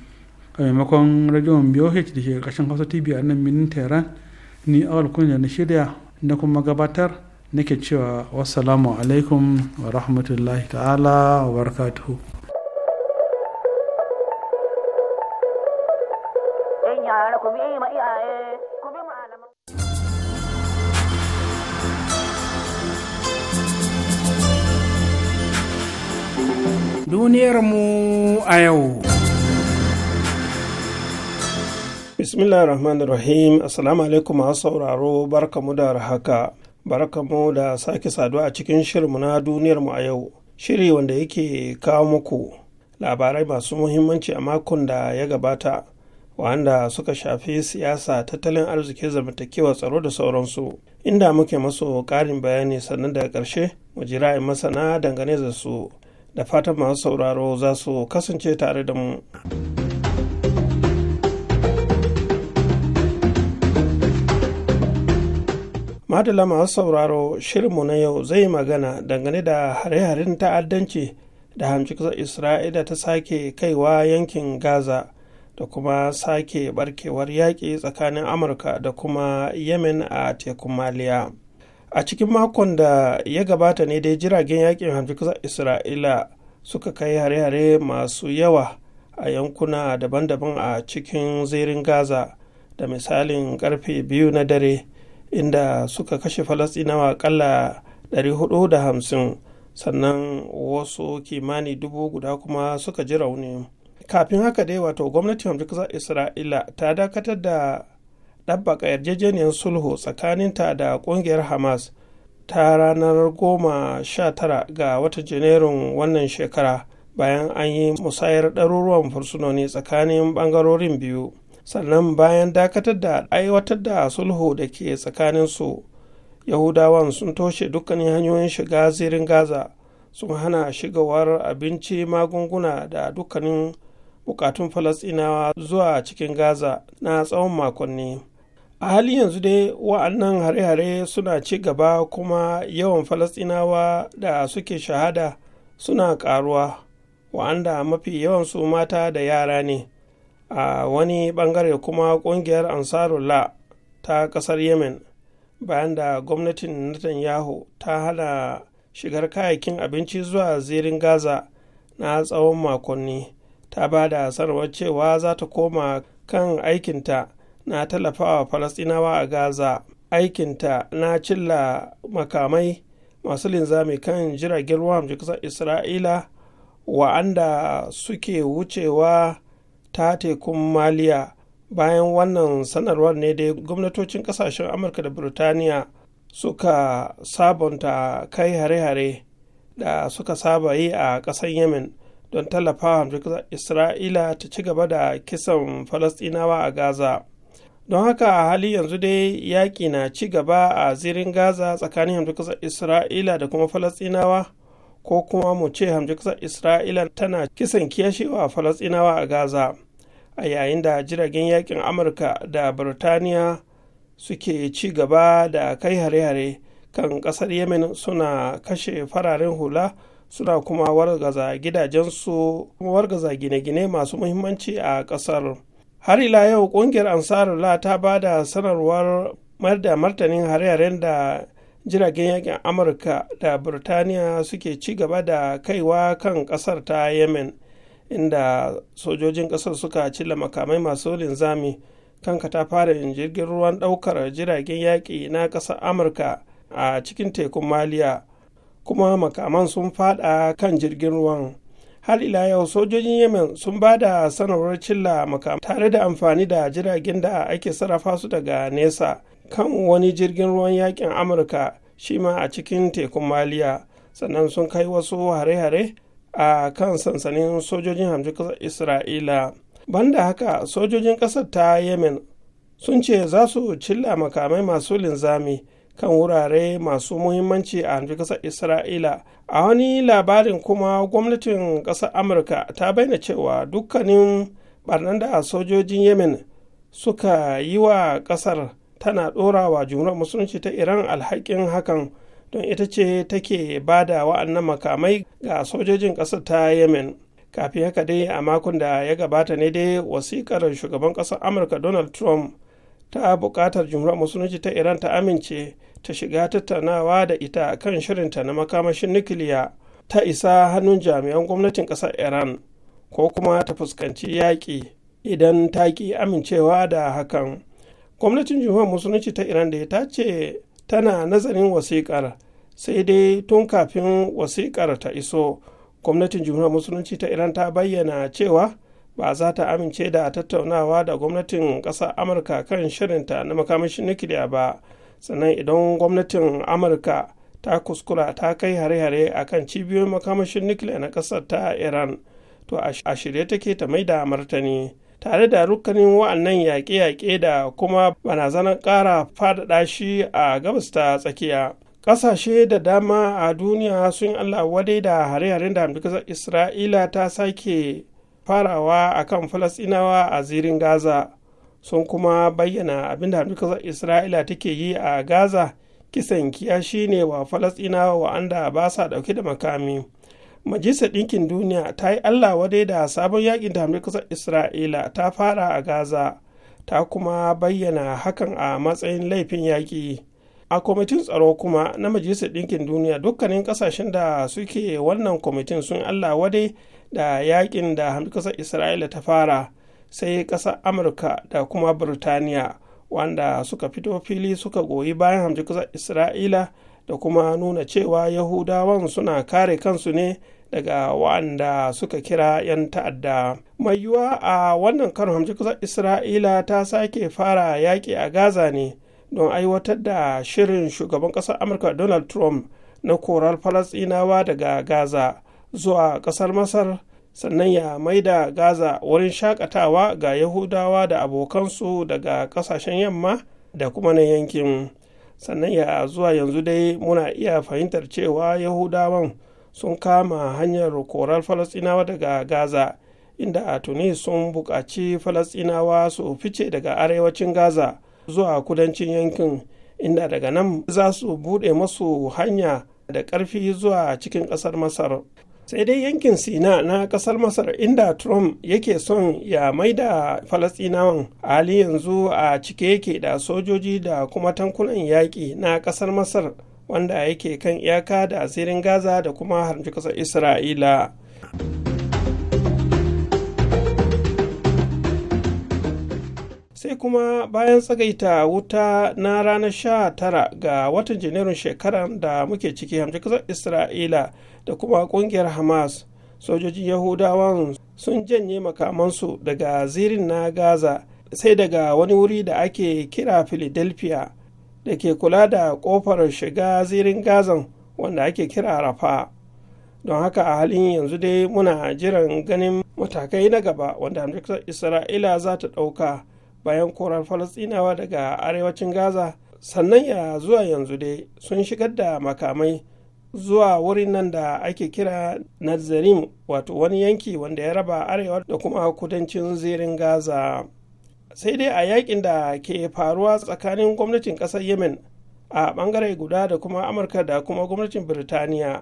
a maimakon rajon boh da ke ƙarshen hausa tv a nan birnin tehran ni awal kunya na shirya na kuma gabatar nake cewa wasu alaikum wa rahmatullahi ta'ala wa barakatuhu yara ku biye ma iyaye ku bi malaman. Duniyarmu a yau. Bismillah rahman rahim Assalamu alaikum masu sauraro barkamu da haka. Barkamu da sake saduwa a cikin shirinmu na duniyarmu a yau. Shiri wanda yake kawo muku labarai masu muhimmanci a makon da ya gabata wanda suka shafi siyasa tattalin arziki zamantakewa tsaro da sauransu inda muke maso ƙarin bayani sannan daga ƙarshe mu jira masana dangane da su da fatan masu sauraro za su kasance tare da mu. madala masu sauraro shirinmu na yau zai magana dangane da hare-haren ta'addanci da hamci Isra'ila ta sake kaiwa yankin Gaza da kuma sake barkewar yaƙi tsakanin amurka da kuma yemen a tekun maliya a cikin makon da ya gabata ne dai jiragen yaƙin kusa isra'ila suka kai hare-hare masu yawa a yankuna daban-daban a cikin zirin gaza da misalin karfe biyu na dare inda suka kashe falasinawa kalla 450 sannan wasu kimani dubu guda kuma suka ji rauni. kafin haka dai wato gwamnatin hamdukasar isra'ila ta dakatar da ɗabbaka yarjejeniyar sulhu tsakaninta da ƙungiyar hamas ta ranar goma sha tara ga watan janairun wannan shekara bayan an yi musayar ɗaruruwan fursunoni tsakanin ɓangarorin biyu sannan bayan dakatar da aiwatar da sulhu da ke tsakanin su yahudawan sun toshe dukkanin hanyoyin shiga zirin gaza sun hana shigawar abinci magunguna da dukkanin bukatun falasɗinawa zuwa cikin gaza na tsawon makonni a halin yanzu dai wa'annan hare-hare suna ci gaba kuma yawan falasɗinawa da suke shahada suna ƙaruwa wa'anda mafi yawansu mata da yara ne a wani bangare kuma ƙungiyar ansarullah ta ƙasar yemen bayan da gwamnatin netanyahu ta hana shigar kayakin abinci zuwa zirin gaza na tsawon makonni ta ba da asarwar cewa za ta koma kan aikinta na tallafawa falasɗinawa a gaza aikinta na cilla makamai masu linzami kan jiragen ruwa kasar isra'ila wa'anda suke wucewa ta tekun maliya bayan wannan sanarwar ne dai gwamnatocin kasashen amurka da burtaniya suka sabonta kai hare-hare da suka saba yi a ƙasar yemen don tallafawa isra'ila ta ci gaba da kisan falastinawa a gaza don haka a hali yanzu dai yaƙi na ci gaba a zirin gaza tsakanin hamdukasar isra'ila da kuma falastinawa ko kuma mu ce hamdukasar isra'ila tana kisan kiyashewa falastinawa a gaza a yayin da jiragen yaƙin amurka da birtaniya suke ci gaba da kai hare-hare kan ƙasar yemen suna kashe fararen hula suna kuma wargaza gidajensu kuma wargaza gine-gine masu muhimmanci a kasar. har ila yau ƙungiyar la ta ba da sanarwar mayar da martanin hare-haren da jiragen yakin amurka da birtaniya suke ci gaba da kaiwa kan kasar ta yemen inda sojojin kasar suka cilla makamai masu linzami kan katafaren jirgin ruwan daukar jiragen yaƙi na ƙasar amurka a cikin tekun maliya kuma makaman sun fada kan jirgin ruwan har ila yau sojojin yemen sun ba da sanarwar cilla makam tare da amfani da jiragen da ake sarrafa su daga nesa kan wani jirgin ruwan yakin amurka shi ma a cikin tekun maliya sannan sun kai wasu hare-hare a kan sansanin sojojin hamji kasar isra'ila banda haka sojojin kasar ta yemen sun ce za su cilla makamai masu linzami kan wurare masu muhimmanci a hanzu isra'ila a wani labarin kuma gwamnatin ƙasar amurka ta bayyana cewa dukkanin barnan da sojojin yemen suka yi wa ƙasar tana dorawa wa jumhuriyar musulunci ta iran alhakin hakan don ita ce take ba da wa'annan makamai ga sojojin ƙasar ta yemen kafin haka dai a makon da ya gabata ne dai wasikar shugaban ƙasar amurka donald trump ta buƙatar jumhuriyar musulunci ta iran ta amince ta shiga tattaunawa da ita kan shirinta na makamashin nukiliya ta isa hannun jami'an gwamnatin ƙasar iran ko kuma ta fuskanci yaƙi idan ta ƙi amincewa da hakan gwamnatin jihar musulunci ta iran da ta ce tana nazarin wasikar sai dai tun kafin wasikar ta iso gwamnatin jihar musulunci ta iran ta bayyana cewa ba za ta amince da tattaunawa da gwamnatin ƙasar amurka kan shirinta na makamashin nukiliya ba sannan idan gwamnatin amurka ta kuskura ta kai hare-hare a kan cibiyoyin makamashin nukiliya na ƙasar ta iran to a shirye take ta mai da martani tare da rukunin wa'annan yaƙe-yaƙe da kuma barazanar ƙara faɗaɗa shi a gabas ta tsakiya ƙasashe da dama a duniya sun allah wadai da hare-haren da amurka isra'ila ta sake farawa a kan falasinawa a zirin gaza sun kuma bayyana da hamdukasar isra'ila take yi a gaza kisan kiyashi ne wa falasinawa wa'anda ba sa dauke da makami majalisar ɗinkin duniya ta yi allah wadai da sabon yakin da hamdukasar isra'ila ta fara a gaza ta kuma bayyana hakan a matsayin laifin yaƙi a kwamitin tsaro kuma na majalisar ɗinkin duniya dukkanin ƙasashen da suke wannan kwamitin sun allah wadai da yakin da kasar isra'ila ta fara sai ƙasar amurka da kuma burtaniya wanda suka fito fili suka goyi bayan kasar isra'ila da kuma nuna cewa yahudawan suna kare kansu ne daga waɗanda suka kira 'yan ta'adda mai yiwuwa a wannan karon kasar isra'ila ta sake fara yaƙi a gaza ne don aiwatar da shirin shugaban ƙasar amurka donald trump na korar falasɗinawa daga gaza zuwa ƙasar masar sannan ya maida gaza wurin shakatawa ga yahudawa da abokansu daga ƙasashen yamma da kuma na yankin sannan ya zuwa yanzu dai muna iya fahimtar cewa yahudawan sun kama hanyar korar falasinawa daga gaza inda a tuni sun buƙaci falasinawa su fice daga arewacin gaza zuwa kudancin yankin inda daga nan za su buɗe masu hanya da ƙarfi zuwa cikin ƙasar masar sai dai yankin sina na kasar masar inda trump yake son ya maida falasinawan hali yanzu a cike yake da sojoji da kuma tankunan yaƙi na kasar masar wanda yake kan iyaka da asirin gaza da kuma haramci kasar isra'ila sai kuma bayan tsagaita wuta na ranar 19 ga watan janairun shekarar da muke ciki hamshi kasar isra'ila da kuma kungiyar hamas sojojin yahudawan sun janye makamansu daga zirin na gaza sai daga wani wuri da ake kira philadelphia da ke kula da kofar shiga zirin gazan wanda ake kira rafa don haka a halin yanzu dai muna jiran ganin matakai na gaba wanda amurka isra'ila za ta ɗauka bayan korar falasɗinawa daga arewacin gaza sannan ya zuwa yanzu dai sun shigar da makamai zuwa wurin nan da ake kira nazarim wato wani yanki wanda ya raba arewa da kuma kudancin zirin gaza sai dai a yakin da ke faruwa tsakanin gwamnatin ƙasar yemen a bangare guda da kuma amurka da kuma gwamnatin birtaniya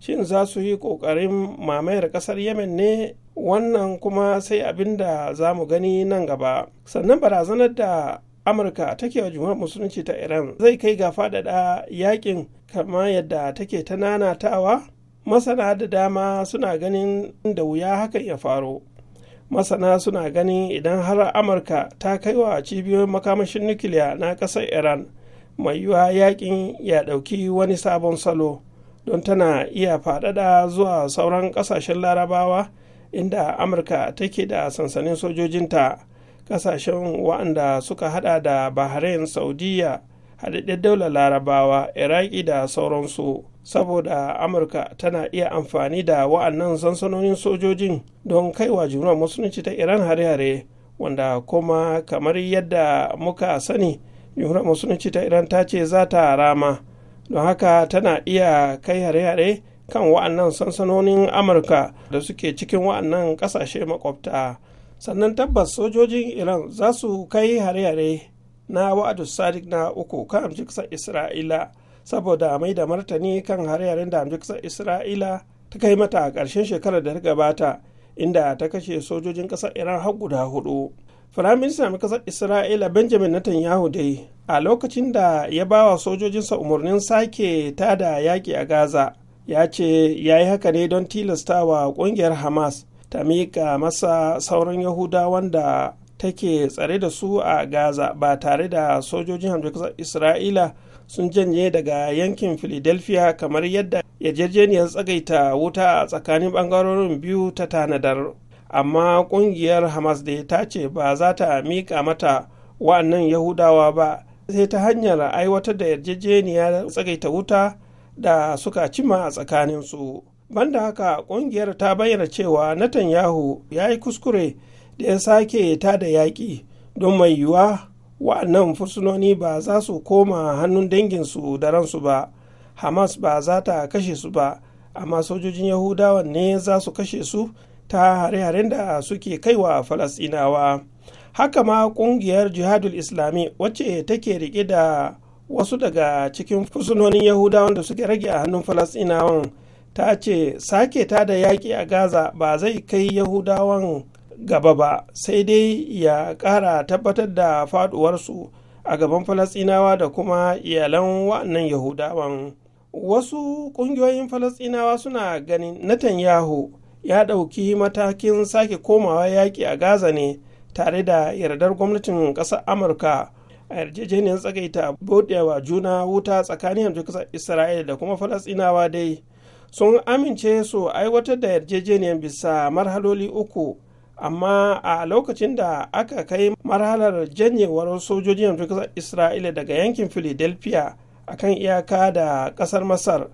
shin za su yi ƙoƙarin mamayar ƙasar yemen ne wannan kuma sai abin da za mu gani nan gaba sannan barazanar da amurka take wa jumhuriyar musulunci ta iran zai kai ga faɗaɗa yakin kama yadda take ta nanatawa masana da dama suna ganin da wuya hakan ya faro masana suna ganin idan har amurka ta kai wa cibiyoyin makamashin nukiliya na ƙasar iran mai yiwuwa yakin ya ɗauki wani sabon salo don tana iya faɗaɗa zuwa sauran ƙasashen larabawa inda amurka take da sansanin sojojinta kasashen wa'anda suka hada da bahrain saudiya haɗaɗɗen daular larabawa iraki da sauransu saboda amurka tana iya amfani da wa'annan sansanonin sojojin don kaiwa jimuwar musulunci ta iran hare-hare wanda kuma kamar yadda muka sani jimuwar musulunci ta iran ta ce za ta rama don haka tana iya kai hare-hare kan wa'annan sansanonin amurka da suke cikin wa'annan ƙasashe makwabta sannan tabbas sojojin iran za su kai hare-hare na wa'adu sadiq na uku kan amshi isra'ila saboda mai da martani kan hare-haren da amshi isra'ila ta kai mata a ƙarshen shekarar da ta gabata inda ta kashe sojojin ƙasar iran har guda hudu firaministan mai ƙasar isra'ila benjamin netanyahu dai a lokacin da ya ba wa sojojinsa umarnin sake tada yaƙi a gaza ya ce ya yi haka ne don tilasta wa ƙungiyar hamas ta miƙa masa sauran yahuda wanda take tsare da su a gaza ba tare da sojojin hamdukasar isra'ila sun janye daga yankin philadelphia kamar yadda yarjejeniyar tsagaita wuta a tsakanin bangarorin biyu ta tanadar amma kungiyar hamas da ta ce ba za ta miƙa mata wa'annan yahudawa ba sai ta hanyar aiwatar da yarjejeniyar tsagaita wuta da suka cima a tsakaninsu. banda haka kungiyar ta bayyana cewa netanyahu ya yi kuskure da ya sake ta da yaƙi don mai yiwuwa wa'annan fursunoni ba za su koma hannun danginsu da ransu ba hamas ba za ta kashe su ba amma sojojin yahudawa ne za su kashe su ta hare-haren da suke kaiwa falasinawa haka ma kungiyar jihadul islami wacce take rike da wasu daga cikin fursunonin yahudawan da suke rage a hannun falasinawan ta ce sake ta da yaƙi a gaza ba zai kai yahudawan gaba ba sai dai ya ƙara tabbatar da faduwarsu a gaban falasinawa da kuma iyalan wa'annan yahudawan wasu ƙungiyoyin falasinawa suna ganin natan yahu ya ɗauki matakin sake komawa yaƙi a gaza ne tare da yardar gwamnatin ƙasar amurka a yarjejeniyar tsagaita buɗewa juna wuta tsakanin yanzu ƙasar isra'ila da kuma falasinawa dai sun amince su aiwatar da yarjejeniyar bisa marhaloli uku amma a lokacin da aka kai marhalar janyewar sojojin amurka isra'ila daga yankin philadelphia kan iyaka da ƙasar masar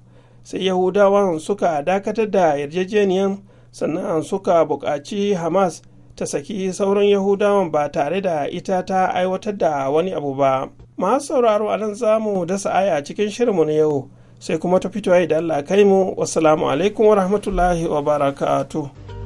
sai yahudawan suka dakatar da yarjejeniyar sannan suka buƙaci hamas ta saki sauran yahudawan ba tare da ita ta aiwatar da wani abu ba masu sauraro a nan zamu dasa aya cikin shirinmu na yau sai kuma ta fito da Allah kai mu wassalamu alaikum wa rahmatullahi wa barakatu.